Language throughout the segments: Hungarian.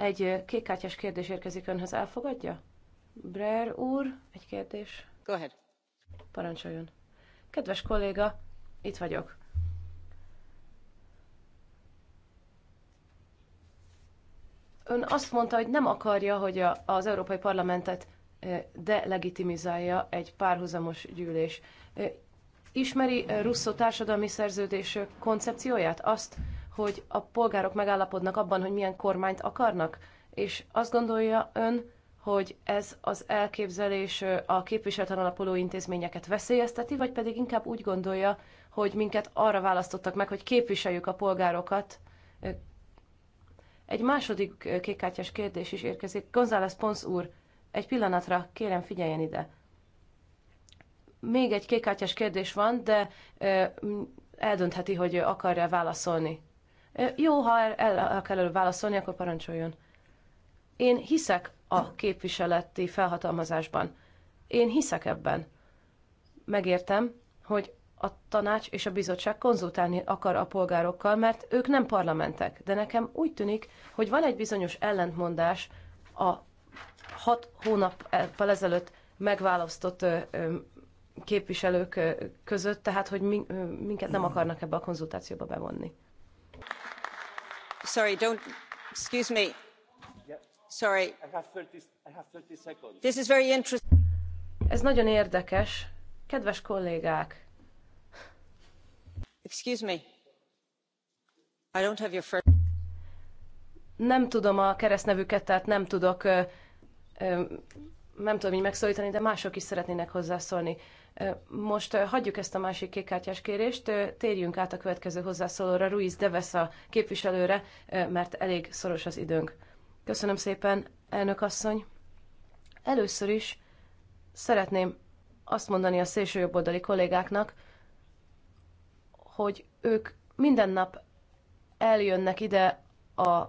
Egy kékkártyás kérdés érkezik önhöz. Elfogadja? Brer úr, egy kérdés. Go ahead. Parancsoljon. Kedves kolléga, itt vagyok. Ön azt mondta, hogy nem akarja, hogy a, az Európai Parlamentet delegitimizálja egy párhuzamos gyűlés. Ismeri Russzó társadalmi szerződés koncepcióját? Azt, hogy a polgárok megállapodnak abban, hogy milyen kormányt akarnak? És azt gondolja ön, hogy ez az elképzelés a képviseleten alapuló intézményeket veszélyezteti, vagy pedig inkább úgy gondolja, hogy minket arra választottak meg, hogy képviseljük a polgárokat. Egy második kékkártyás kérdés is érkezik. González Pons úr, egy pillanatra kérem figyeljen ide. Még egy kékkártyás kérdés van, de eldöntheti, hogy akarja válaszolni. Jó, ha el kell előbb válaszolni, akkor parancsoljon. Én hiszek a képviseleti felhatalmazásban. Én hiszek ebben. Megértem, hogy a tanács és a bizottság konzultálni akar a polgárokkal, mert ők nem parlamentek. De nekem úgy tűnik, hogy van egy bizonyos ellentmondás a hat hónap ezelőtt megválasztott képviselők között, tehát hogy minket nem akarnak ebbe a konzultációba bevonni sorry don't excuse me sorry ez nagyon érdekes kedves kollégák excuse me i don't have your first nem tudom a keresztnevüket, tehát nem tudok, nem tudom így megszólítani, de mások is szeretnének hozzászólni. Most hagyjuk ezt a másik kékkártyás kérést, térjünk át a következő hozzászólóra, Ruiz a képviselőre, mert elég szoros az időnk. Köszönöm szépen, elnök asszony. Először is szeretném azt mondani a szélsőjobboldali kollégáknak, hogy ők minden nap eljönnek ide a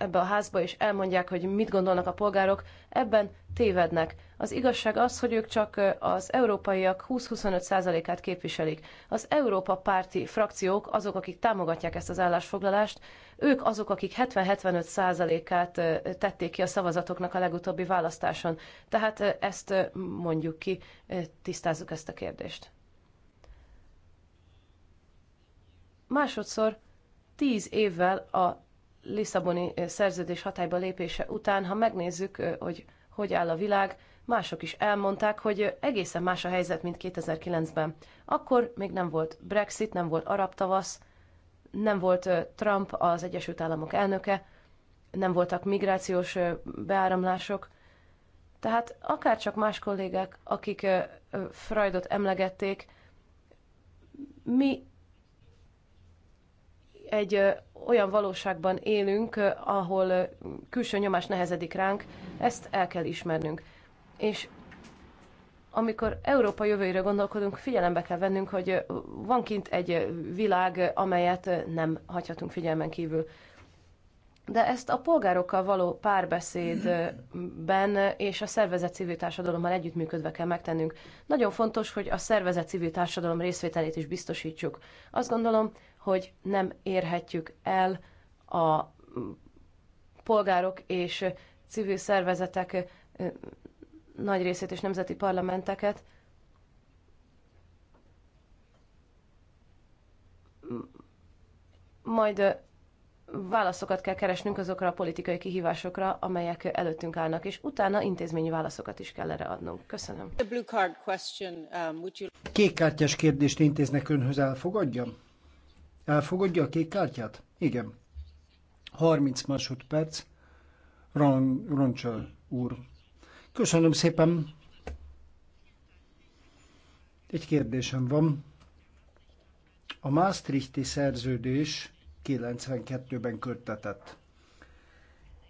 ebbe a házba, és elmondják, hogy mit gondolnak a polgárok, ebben tévednek. Az igazság az, hogy ők csak az európaiak 20-25%-át képviselik. Az Európa párti frakciók azok, akik támogatják ezt az állásfoglalást, ők azok, akik 70-75%-át tették ki a szavazatoknak a legutóbbi választáson. Tehát ezt mondjuk ki, tisztázzuk ezt a kérdést. Másodszor, tíz évvel a Lisszaboni eh, szerződés hatályba lépése után, ha megnézzük, eh, hogy hogy áll a világ, mások is elmondták, hogy eh, egészen más a helyzet, mint 2009-ben. Akkor még nem volt Brexit, nem volt arab tavasz, nem volt Trump az Egyesült Államok elnöke, nem voltak migrációs beáramlások. Tehát akárcsak más kollégák, akik Freudot emlegették, mi egy olyan valóságban élünk, ahol külső nyomás nehezedik ránk, ezt el kell ismernünk. És amikor Európa jövőjére gondolkodunk, figyelembe kell vennünk, hogy van kint egy világ, amelyet nem hagyhatunk figyelmen kívül. De ezt a polgárokkal való párbeszédben és a szervezet civil társadalommal együttműködve kell megtennünk. Nagyon fontos, hogy a szervezet civil társadalom részvételét is biztosítsuk. Azt gondolom, hogy nem érhetjük el a polgárok és civil szervezetek nagy részét és nemzeti parlamenteket. Majd válaszokat kell keresnünk azokra a politikai kihívásokra, amelyek előttünk állnak, és utána intézményi válaszokat is kell erre adnunk. Köszönöm. Um, Kékkártyás kérdést intéznek önhöz, elfogadjam? Elfogadja a kék kártyát? Igen. 30 másodperc. Ron, Roncsal úr. Köszönöm szépen. Egy kérdésem van. A Maastrichti szerződés 92-ben köttetett.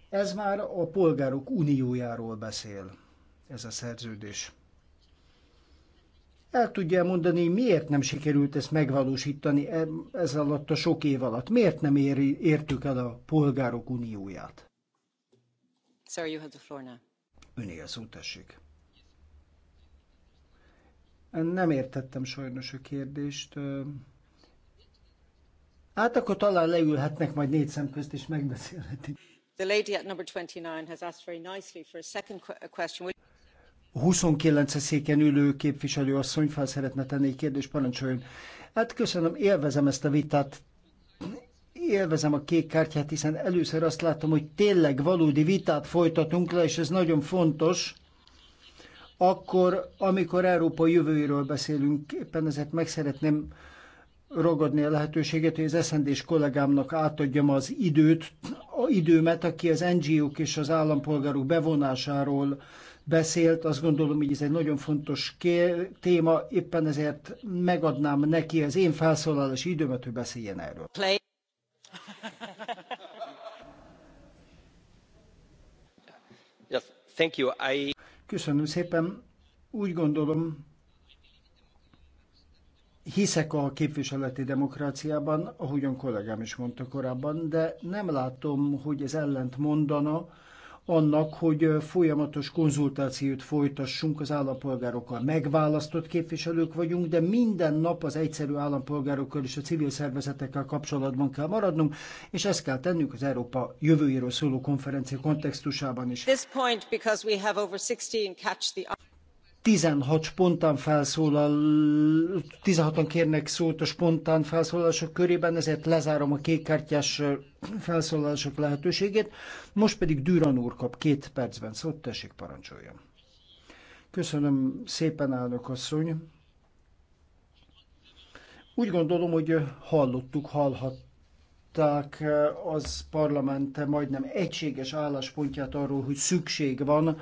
Ez már a polgárok uniójáról beszél, ez a szerződés el tudja mondani, miért nem sikerült ezt megvalósítani ez alatt a sok év alatt? Miért nem éri, értük el a polgárok unióját? Sir, you have the floor now. Öné a szó, tessék. Nem értettem sajnos a kérdést. Hát akkor talán leülhetnek majd négy szem közt, és megbeszélhetik. The lady at number 29 has asked very nicely for a second question. A 29 széken ülő képviselő asszony fel szeretne tenni egy kérdést, parancsoljon. Hát köszönöm, élvezem ezt a vitát, élvezem a kék kártyát, hiszen először azt látom, hogy tényleg valódi vitát folytatunk le, és ez nagyon fontos, akkor, amikor Európa jövőjéről beszélünk, éppen ezért meg szeretném ragadni a lehetőséget, hogy az eszendés kollégámnak átadjam az időt, a időmet, aki az NGO-k és az állampolgárok bevonásáról beszélt, azt gondolom, hogy ez egy nagyon fontos ké- téma, éppen ezért megadnám neki az én felszólalási időmet, hogy beszéljen erről. Play. yes, thank you. I... Köszönöm szépen. Úgy gondolom, hiszek a képviseleti demokráciában, ahogyan kollégám is mondta korábban, de nem látom, hogy ez ellent mondana annak, hogy folyamatos konzultációt folytassunk az állampolgárokkal. Megválasztott képviselők vagyunk, de minden nap az egyszerű állampolgárokkal és a civil szervezetekkel kapcsolatban kell maradnunk, és ezt kell tennünk az Európa jövőjéről szóló konferencia kontextusában is. 16 spontán felszólal, 16-an kérnek szót a spontán felszólalások körében, ezért lezárom a kékkártyás felszólalások lehetőségét. Most pedig Düran úr kap két percben szót, tessék parancsoljon. Köszönöm szépen, elnök asszony. Úgy gondolom, hogy hallottuk, hallhat, az parlament majdnem egységes álláspontját arról, hogy szükség van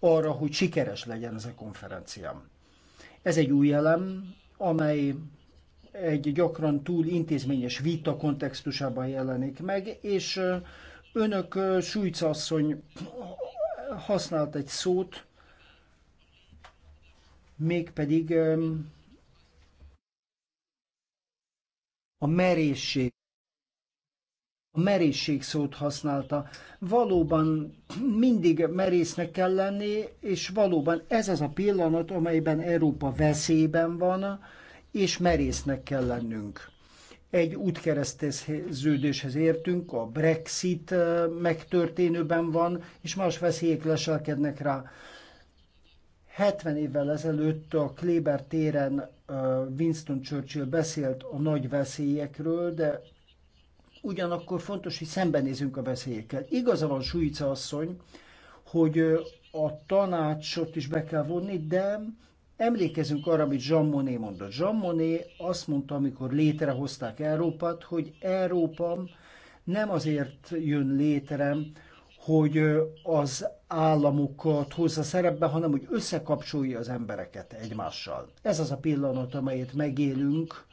arra, hogy sikeres legyen ez a konferenciám. Ez egy új elem, amely egy gyakran túl intézményes vita kontextusában jelenik meg, és önök Sújca asszony használt egy szót, mégpedig a merészség a merészség szót használta. Valóban mindig merésznek kell lenni, és valóban ez az a pillanat, amelyben Európa veszélyben van, és merésznek kell lennünk. Egy útkereszteződéshez értünk, a Brexit megtörténőben van, és más veszélyek leselkednek rá. 70 évvel ezelőtt a Kléber téren Winston Churchill beszélt a nagy veszélyekről, de ugyanakkor fontos, hogy szembenézünk a veszélyekkel. Igaza van Sujica asszony, hogy a tanácsot is be kell vonni, de emlékezünk arra, amit Jean Monnet mondott. Jean Monnet azt mondta, amikor létrehozták Európát, hogy Európa nem azért jön létre, hogy az államokat hozza szerepbe, hanem hogy összekapcsolja az embereket egymással. Ez az a pillanat, amelyet megélünk,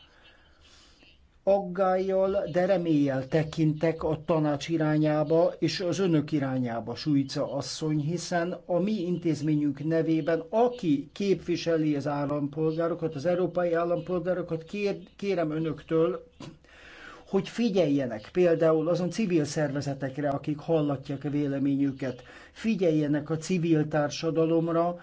aggájjal, de reméllyel tekintek a tanács irányába és az önök irányába, Sújca asszony, hiszen a mi intézményünk nevében, aki képviseli az állampolgárokat, az európai állampolgárokat, kér, kérem önöktől, hogy figyeljenek például azon civil szervezetekre, akik hallatják a véleményüket, figyeljenek a civil társadalomra,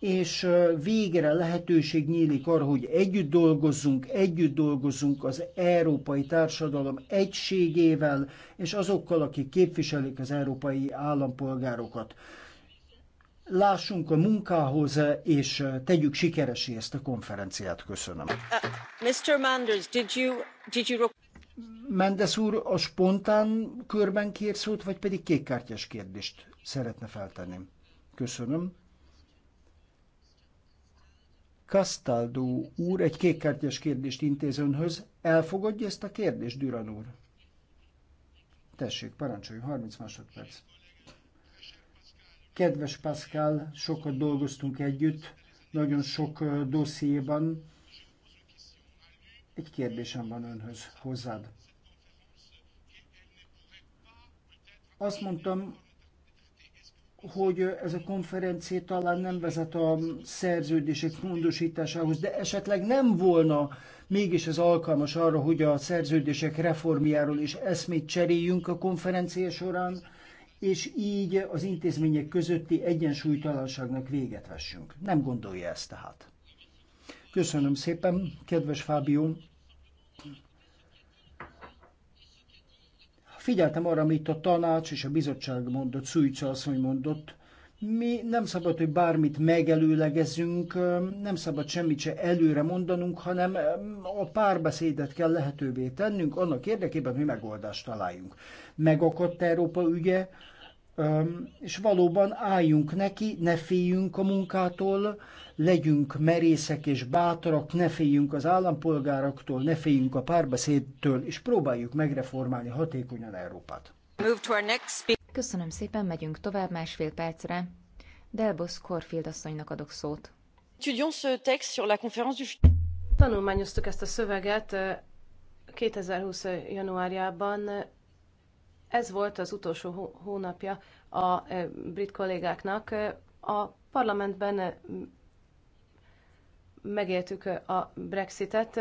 és végre lehetőség nyílik arra, hogy együtt dolgozzunk, együtt dolgozzunk az európai társadalom egységével, és azokkal, akik képviselik az európai állampolgárokat. Lássunk a munkához, és tegyük sikeresé ezt a konferenciát. Köszönöm. Uh, Mr. Manders, did you, did you... Mendes úr a spontán körben kér szót, vagy pedig kékkártyás kérdést szeretne feltenni? Köszönöm. Castaldo úr egy kékkártyás kérdést intéz önhöz. Elfogadja ezt a kérdést, Düran úr? Tessék, parancsoljon, 30 másodperc. Kedves Pascal, sokat dolgoztunk együtt, nagyon sok dossziéban. Egy kérdésem van önhöz, hozzád. Azt mondtam, hogy ez a konferencia talán nem vezet a szerződések módosításához, de esetleg nem volna mégis ez alkalmas arra, hogy a szerződések reformjáról is eszmét cseréljünk a konferencia során, és így az intézmények közötti egyensúlytalanságnak véget vessünk. Nem gondolja ezt tehát. Köszönöm szépen, kedves Fábio. Figyeltem arra, amit a tanács és a bizottság mondott, Szújca asszony mondott, mi nem szabad, hogy bármit megelőlegezzünk, nem szabad semmit se előre mondanunk, hanem a párbeszédet kell lehetővé tennünk annak érdekében, hogy megoldást találjunk. Megakadt Európa ügye, és valóban álljunk neki, ne féljünk a munkától, legyünk merészek és bátrak, ne féljünk az állampolgároktól, ne féljünk a párbeszédtől, és próbáljuk megreformálni hatékonyan Európát. Köszönöm szépen, megyünk tovább másfél percre. Delbos Corfield asszonynak adok szót. Tanulmányoztuk ezt a szöveget 2020. januárjában ez volt az utolsó hónapja a brit kollégáknak. A parlamentben megéltük a Brexitet.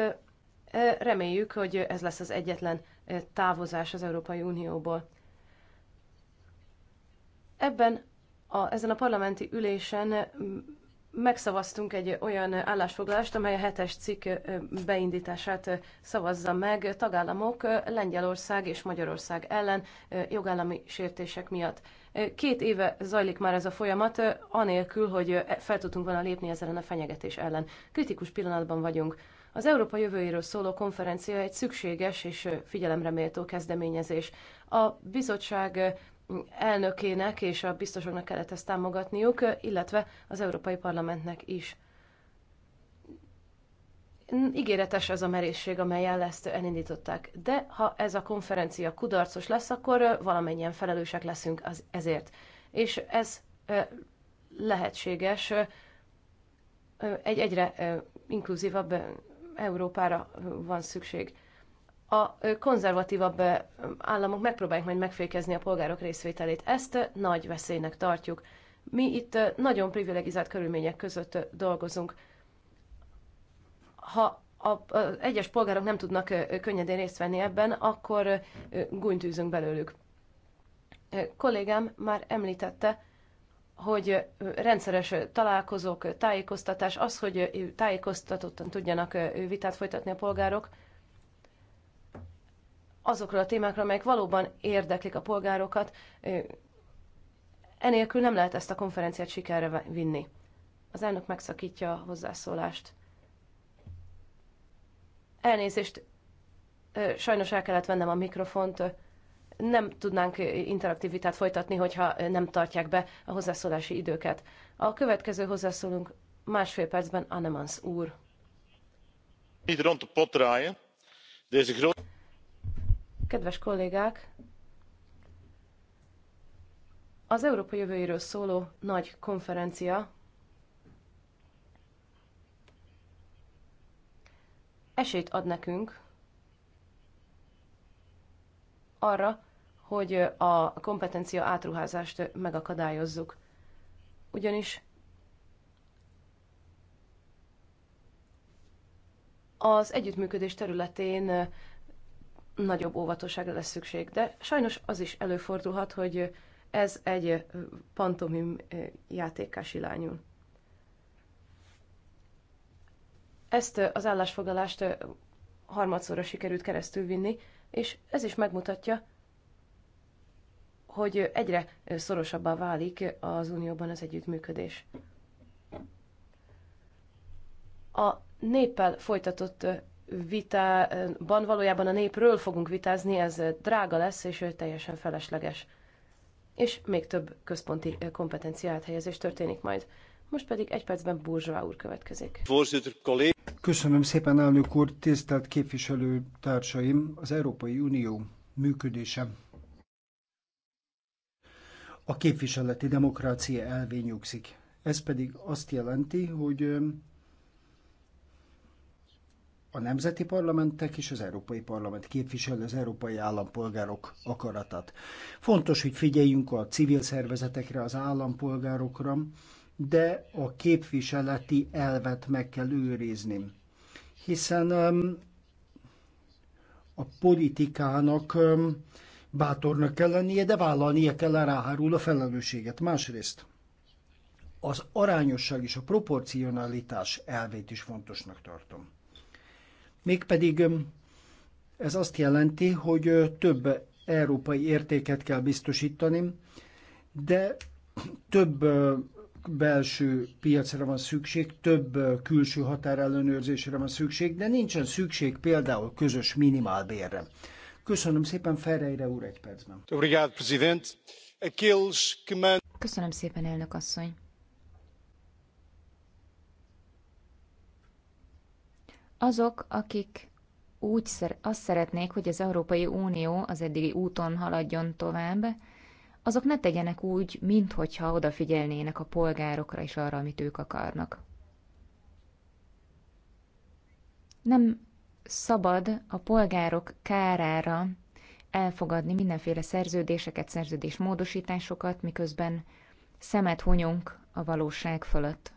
Reméljük, hogy ez lesz az egyetlen távozás az Európai Unióból. Ebben a, ezen a parlamenti ülésen megszavaztunk egy olyan állásfoglalást, amely a hetes cikk beindítását szavazza meg tagállamok Lengyelország és Magyarország ellen jogállami sértések miatt. Két éve zajlik már ez a folyamat, anélkül, hogy e, fel tudtunk volna lépni ezen a fenyegetés ellen. Kritikus pillanatban vagyunk. Az Európa jövőjéről szóló konferencia egy szükséges és figyelemreméltó kezdeményezés. A bizottság elnökének és a biztosoknak kellett ezt támogatniuk, illetve az Európai Parlamentnek is. Ígéretes ez a merészség, amelyen ezt elindították, de ha ez a konferencia kudarcos lesz, akkor valamennyien felelősek leszünk az, ezért. És ez lehetséges egy egyre inkluzívabb Európára van szükség a konzervatívabb államok megpróbálják majd megfékezni a polgárok részvételét. Ezt nagy veszélynek tartjuk. Mi itt nagyon privilegizált körülmények között dolgozunk. Ha a egyes polgárok nem tudnak könnyedén részt venni ebben, akkor gúnytűzünk belőlük. Kollégám már említette, hogy rendszeres találkozók, tájékoztatás, az, hogy tájékoztatottan tudjanak vitát folytatni a polgárok, azokról a témákról, amelyek valóban érdeklik a polgárokat. Enélkül nem lehet ezt a konferenciát sikerre vinni. Az elnök megszakítja a hozzászólást. Elnézést, sajnos el kellett vennem a mikrofont. Nem tudnánk interaktivitát folytatni, hogyha nem tartják be a hozzászólási időket. A következő hozzászólunk másfél percben Annemans úr. Itt rond de pot draaien. Deze grote Kedves kollégák! Az Európa jövőjéről szóló nagy konferencia esélyt ad nekünk arra, hogy a kompetencia átruházást megakadályozzuk. Ugyanis az együttműködés területén nagyobb óvatosságra lesz szükség. De sajnos az is előfordulhat, hogy ez egy pantomim eh, játékás irányul. Ezt eh, az állásfoglalást eh, harmadszorra sikerült keresztül vinni, és ez is megmutatja, hogy egyre szorosabbá válik az Unióban az együttműködés. A néppel folytatott vitában valójában a népről fogunk vitázni, ez drága lesz, és teljesen felesleges. És még több központi kompetencia áthelyezés történik majd. Most pedig egy percben Burzsová úr következik. Köszönöm szépen, elnök úr, tisztelt társaim az Európai Unió működése a képviseleti demokrácia elvé nyugszik. Ez pedig azt jelenti, hogy a nemzeti parlamentek és az Európai Parlament képviseli az európai állampolgárok akaratát. Fontos, hogy figyeljünk a civil szervezetekre, az állampolgárokra, de a képviseleti elvet meg kell őrizni. Hiszen a politikának bátornak kell lennie, de vállalnia kell a ráhárul a felelősséget. Másrészt az arányosság és a proporcionalitás elvét is fontosnak tartom. Mégpedig ez azt jelenti, hogy több európai értéket kell biztosítani, de több belső piacra van szükség, több külső határellenőrzésre van szükség, de nincsen szükség például közös minimálbérre. Köszönöm szépen, Ferreira úr egy percben. Köszönöm szépen, elnök asszony. Azok, akik úgy szer- azt szeretnék, hogy az Európai Unió az eddigi úton haladjon tovább, azok ne tegyenek úgy, minthogyha odafigyelnének a polgárokra és arra, amit ők akarnak. Nem szabad a polgárok kárára elfogadni mindenféle szerződéseket, szerződésmódosításokat, miközben szemet hunyunk a valóság fölött.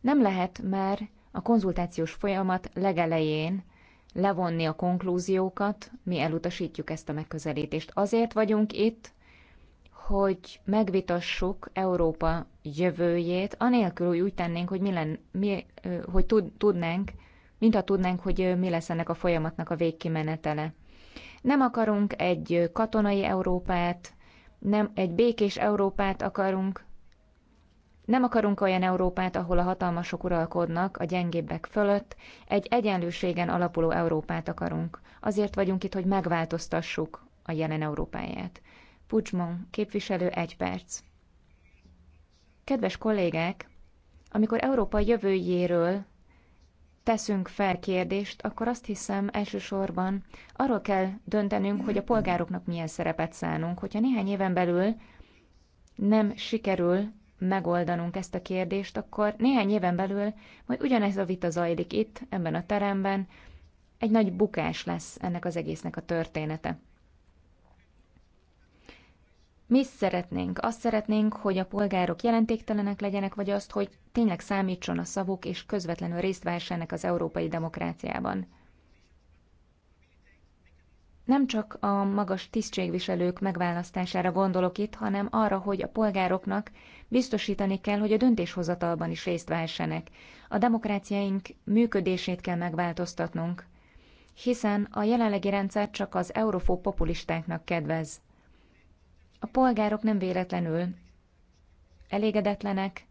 Nem lehet már a konzultációs folyamat legelején levonni a konklúziókat, mi elutasítjuk ezt a megközelítést. Azért vagyunk itt, hogy megvitassuk Európa jövőjét, anélkül, úgy tennénk, hogy, mi len, mi, hogy tud, tudnánk, mint ha tudnánk, hogy mi lesz ennek a folyamatnak a végkimenetele. Nem akarunk egy katonai Európát, nem egy békés Európát akarunk, nem akarunk olyan Európát, ahol a hatalmasok uralkodnak a gyengébbek fölött, egy egyenlőségen alapuló Európát akarunk. Azért vagyunk itt, hogy megváltoztassuk a jelen Európáját. Pucsmon, képviselő, egy perc. Kedves kollégák, amikor Európa jövőjéről teszünk fel kérdést, akkor azt hiszem elsősorban arról kell döntenünk, hogy a polgároknak milyen szerepet szánunk. Hogyha néhány éven belül nem sikerül megoldanunk ezt a kérdést, akkor néhány éven belül majd ugyanez a vita zajlik itt, ebben a teremben, egy nagy bukás lesz ennek az egésznek a története. Mi szeretnénk? Azt szeretnénk, hogy a polgárok jelentéktelenek legyenek, vagy azt, hogy tényleg számítson a szavuk, és közvetlenül részt vehessenek az európai demokráciában. Nem csak a magas tisztségviselők megválasztására gondolok itt, hanem arra, hogy a polgároknak biztosítani kell, hogy a döntéshozatalban is részt vehessenek. A demokráciáink működését kell megváltoztatnunk, hiszen a jelenlegi rendszer csak az eurofó populistáknak kedvez. A polgárok nem véletlenül elégedetlenek,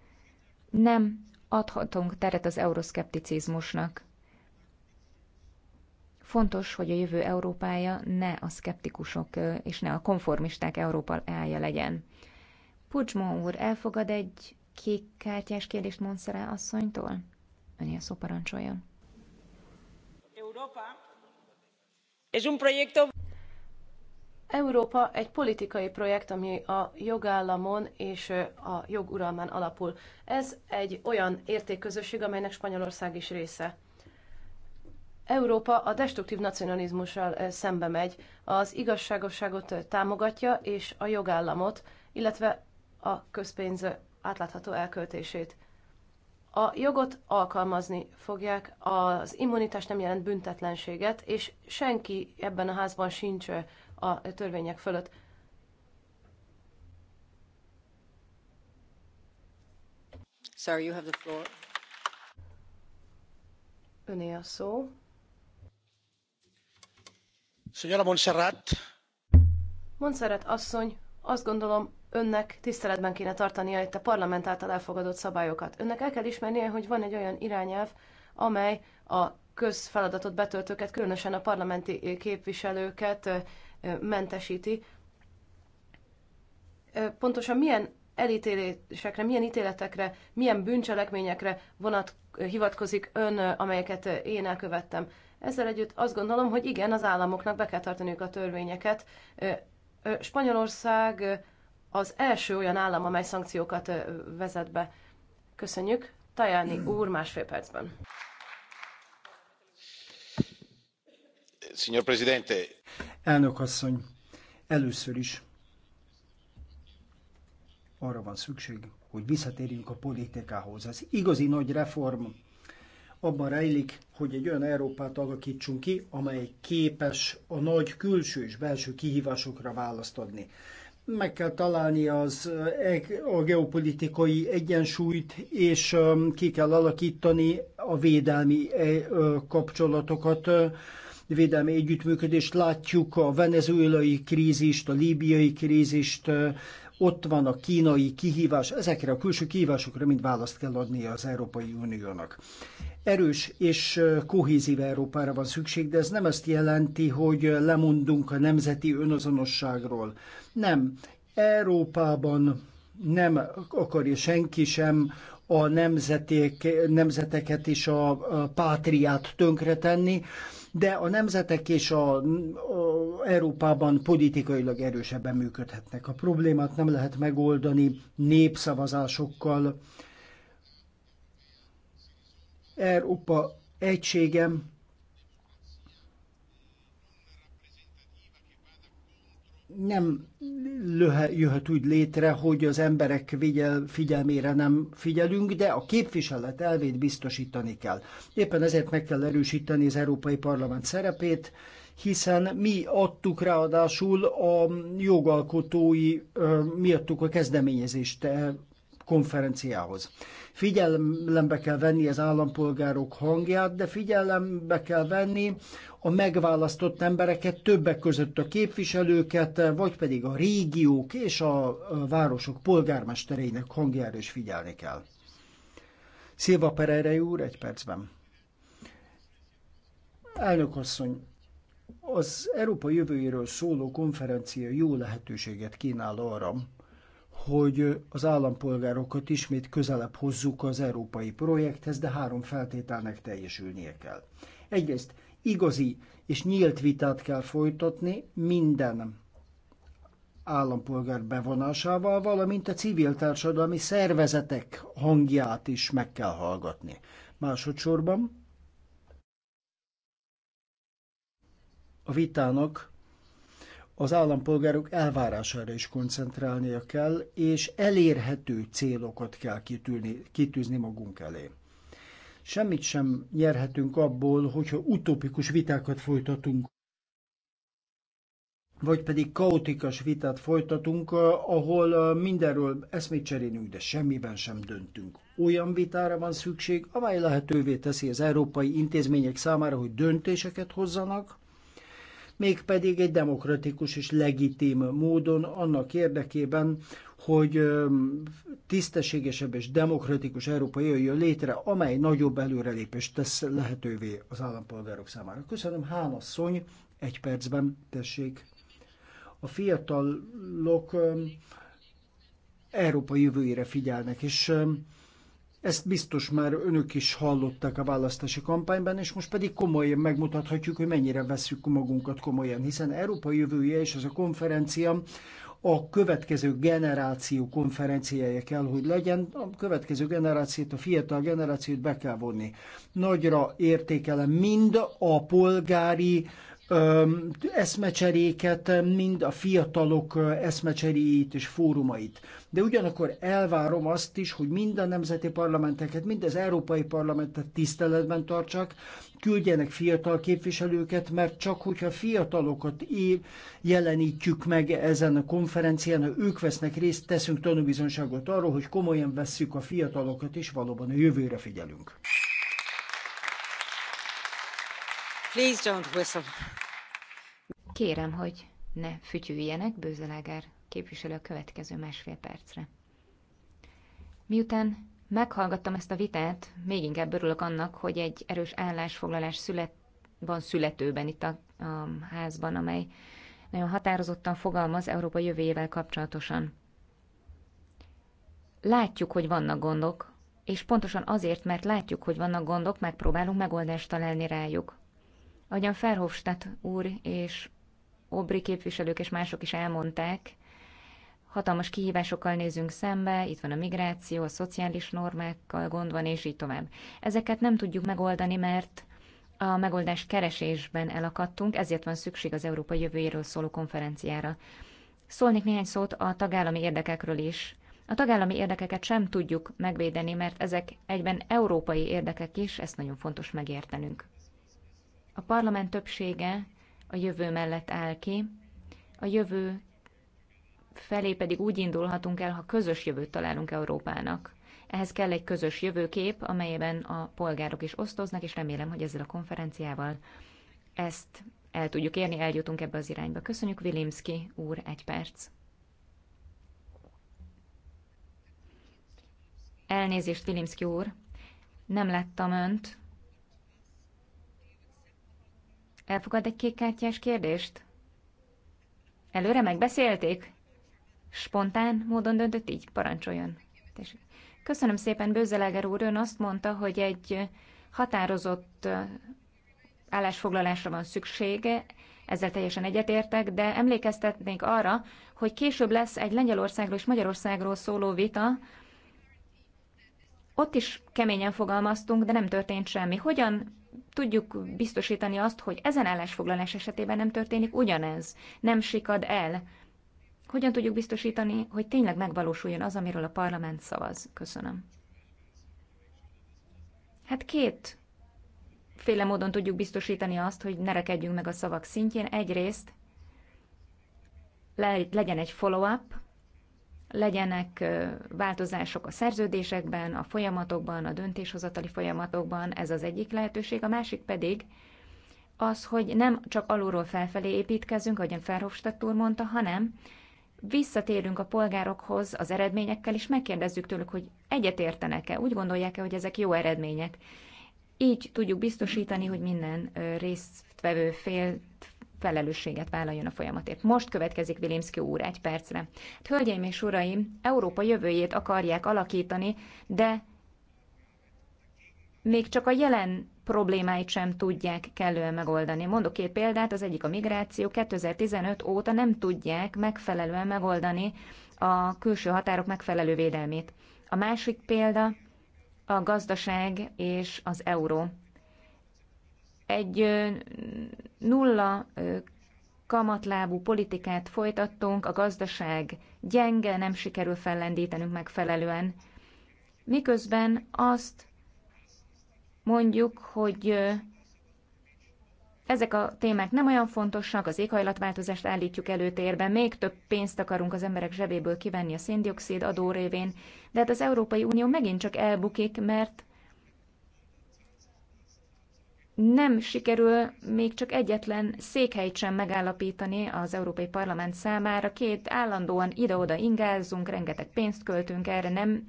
nem adhatunk teret az euroszkepticizmusnak. Fontos, hogy a jövő Európája ne a szkeptikusok és ne a konformisták Európája legyen. Pucsmó úr, elfogad egy kék kártyás kérdést Monszerá asszonytól? Önnyi a szó parancsoljon. Európa egy politikai projekt, ami a jogállamon és a joguralmán alapul. Ez egy olyan értékközösség, amelynek Spanyolország is része. Európa a destruktív nacionalizmussal szembe megy, az igazságosságot támogatja és a jogállamot, illetve a közpénz átlátható elköltését. A jogot alkalmazni fogják, az immunitás nem jelent büntetlenséget, és senki ebben a házban sincs a törvények fölött. Sorry, you have the floor. Öné a szó. Montserrat. Montserrat asszony, azt gondolom, önnek tiszteletben kéne tartania itt a parlament által elfogadott szabályokat. Önnek el kell ismernie, hogy van egy olyan irányelv, amely a közfeladatot betöltőket, különösen a parlamenti képviselőket mentesíti. Pontosan milyen elítélésekre, milyen ítéletekre, milyen bűncselekményekre vonat hivatkozik ön, amelyeket én elkövettem. Ezzel együtt azt gondolom, hogy igen, az államoknak be kell tartaniuk a törvényeket. Spanyolország az első olyan állam, amely szankciókat vezet be. Köszönjük. Tajani úr másfél percben. Signor Presidente. Elnök asszony, először is arra van szükség, hogy visszatérjünk a politikához. Az igazi nagy reform abban rejlik, hogy egy olyan Európát alakítsunk ki, amely képes a nagy külső és belső kihívásokra választ adni. Meg kell találni az, e- a geopolitikai egyensúlyt, és ki kell alakítani a védelmi e- kapcsolatokat, védelmi együttműködést. Látjuk a venezuelai krízist, a líbiai krízist, ott van a kínai kihívás, ezekre a külső kihívásokra mind választ kell adnia az Európai Uniónak. Erős és kohézív Európára van szükség, de ez nem azt jelenti, hogy lemondunk a nemzeti önazonosságról. Nem. Európában nem akarja senki sem a nemzetek, nemzeteket és a pátriát tönkretenni, de a nemzetek és a, a Európában politikailag erősebben működhetnek. A problémát nem lehet megoldani népszavazásokkal. Európa egységem nem jöhet úgy létre, hogy az emberek vigyel figyelmére nem figyelünk, de a képviselet elvét biztosítani kell. Éppen ezért meg kell erősíteni az Európai Parlament szerepét, hiszen mi adtuk ráadásul a jogalkotói, mi adtuk a kezdeményezést konferenciához. Figyelembe kell venni az állampolgárok hangját, de figyelembe kell venni a megválasztott embereket, többek között a képviselőket, vagy pedig a régiók és a városok polgármestereinek hangjára is figyelni kell. Szilva Pereire úr, egy percben. Elnök asszony, az Európa jövőjéről szóló konferencia jó lehetőséget kínál arra, hogy az állampolgárokat ismét közelebb hozzuk az európai projekthez, de három feltételnek teljesülnie kell. Egyrészt igazi és nyílt vitát kell folytatni minden állampolgár bevonásával, valamint a civil társadalmi szervezetek hangját is meg kell hallgatni. Másodszorban a vitának az állampolgárok elvárására is koncentrálnia kell, és elérhető célokat kell kitűni, kitűzni magunk elé. Semmit sem nyerhetünk abból, hogyha utopikus vitákat folytatunk, vagy pedig kaotikas vitát folytatunk, eh, ahol eh, mindenről eszmét cserélünk, de semmiben sem döntünk. Olyan vitára van szükség, amely lehetővé teszi az európai intézmények számára, hogy döntéseket hozzanak, mégpedig egy demokratikus és legitim módon annak érdekében, hogy tisztességesebb és demokratikus Európa jöjjön létre, amely nagyobb előrelépést tesz lehetővé az állampolgárok számára. Köszönöm, Hánasszony, egy percben, tessék. A fiatalok Európa jövőjére figyelnek, és ezt biztos már önök is hallották a választási kampányban, és most pedig komolyan megmutathatjuk, hogy mennyire veszük magunkat komolyan, hiszen Európa jövője és az a konferencia a következő generáció konferenciája kell, hogy legyen. A következő generációt, a fiatal generációt be kell vonni. Nagyra értékelem mind a polgári eszmecseréket, mind a fiatalok eszmecseréjét és fórumait. De ugyanakkor elvárom azt is, hogy mind a nemzeti parlamenteket, mind az Európai Parlamentet tiszteletben tartsak, küldjenek fiatal képviselőket, mert csak hogyha fiatalokat év, jelenítjük meg ezen a konferencián, ha ők vesznek részt, teszünk tanúbizonságot arról, hogy komolyan vesszük a fiatalokat, és valóban a jövőre figyelünk. Please don't whistle. Kérem, hogy ne fütyüljenek, Bőzelágár képviselő a következő másfél percre. Miután meghallgattam ezt a vitát, még inkább örülök annak, hogy egy erős állásfoglalás szület, van születőben itt a, a házban, amely nagyon határozottan fogalmaz Európa jövőjével kapcsolatosan. Látjuk, hogy vannak gondok, és pontosan azért, mert látjuk, hogy vannak gondok, megpróbálunk megoldást találni rájuk. Ahogyan Ferhofstadt úr és Obri képviselők és mások is elmondták, hatalmas kihívásokkal nézünk szembe, itt van a migráció, a szociális normákkal gond van, és így tovább. Ezeket nem tudjuk megoldani, mert a megoldás keresésben elakadtunk, ezért van szükség az Európa jövőjéről szóló konferenciára. Szólnék néhány szót a tagállami érdekekről is. A tagállami érdekeket sem tudjuk megvédeni, mert ezek egyben európai érdekek is, ezt nagyon fontos megértenünk. A parlament többsége a jövő mellett áll ki, a jövő felé pedig úgy indulhatunk el, ha közös jövőt találunk Európának. Ehhez kell egy közös jövőkép, amelyben a polgárok is osztoznak, és remélem, hogy ezzel a konferenciával ezt el tudjuk érni, eljutunk ebbe az irányba. Köszönjük, Vilimski úr, egy perc. Elnézést, Vilimski úr, nem láttam önt, Elfogad egy kékkártyás kérdést? Előre megbeszélték? Spontán módon döntött így? Parancsoljon. Köszönöm szépen, Bőzeleger úr. Ön azt mondta, hogy egy határozott állásfoglalásra van szüksége, ezzel teljesen egyetértek, de emlékeztetnék arra, hogy később lesz egy Lengyelországról és Magyarországról szóló vita, ott is keményen fogalmaztunk, de nem történt semmi. Hogyan tudjuk biztosítani azt, hogy ezen állásfoglalás esetében nem történik ugyanez, nem sikad el? Hogyan tudjuk biztosítani, hogy tényleg megvalósuljon az, amiről a parlament szavaz? Köszönöm. Hát két féle módon tudjuk biztosítani azt, hogy ne rekedjünk meg a szavak szintjén. Egyrészt legyen egy follow-up, legyenek változások a szerződésekben, a folyamatokban, a döntéshozatali folyamatokban, ez az egyik lehetőség. A másik pedig az, hogy nem csak alulról felfelé építkezünk, ahogyan Ferhofstadt úr mondta, hanem visszatérünk a polgárokhoz az eredményekkel, és megkérdezzük tőlük, hogy egyetértenek-e, úgy gondolják-e, hogy ezek jó eredmények. Így tudjuk biztosítani, hogy minden résztvevő fél felelősséget vállaljon a folyamatért. Most következik Vilimszki úr egy percre. Hát, hölgyeim és uraim, Európa jövőjét akarják alakítani, de még csak a jelen problémáit sem tudják kellően megoldani. Mondok két példát, az egyik a migráció. 2015 óta nem tudják megfelelően megoldani a külső határok megfelelő védelmét. A másik példa a gazdaság és az euró. Egy nulla kamatlábú politikát folytattunk, a gazdaság gyenge, nem sikerül fellendítenünk megfelelően. Miközben azt mondjuk, hogy ezek a témák nem olyan fontosak, az éghajlatváltozást állítjuk előtérbe, még több pénzt akarunk az emberek zsebéből kivenni a széndiokszid adó révén, de hát az Európai Unió megint csak elbukik, mert nem sikerül még csak egyetlen székhelyt sem megállapítani az Európai Parlament számára. Két állandóan ide-oda ingázunk, rengeteg pénzt költünk erre, nem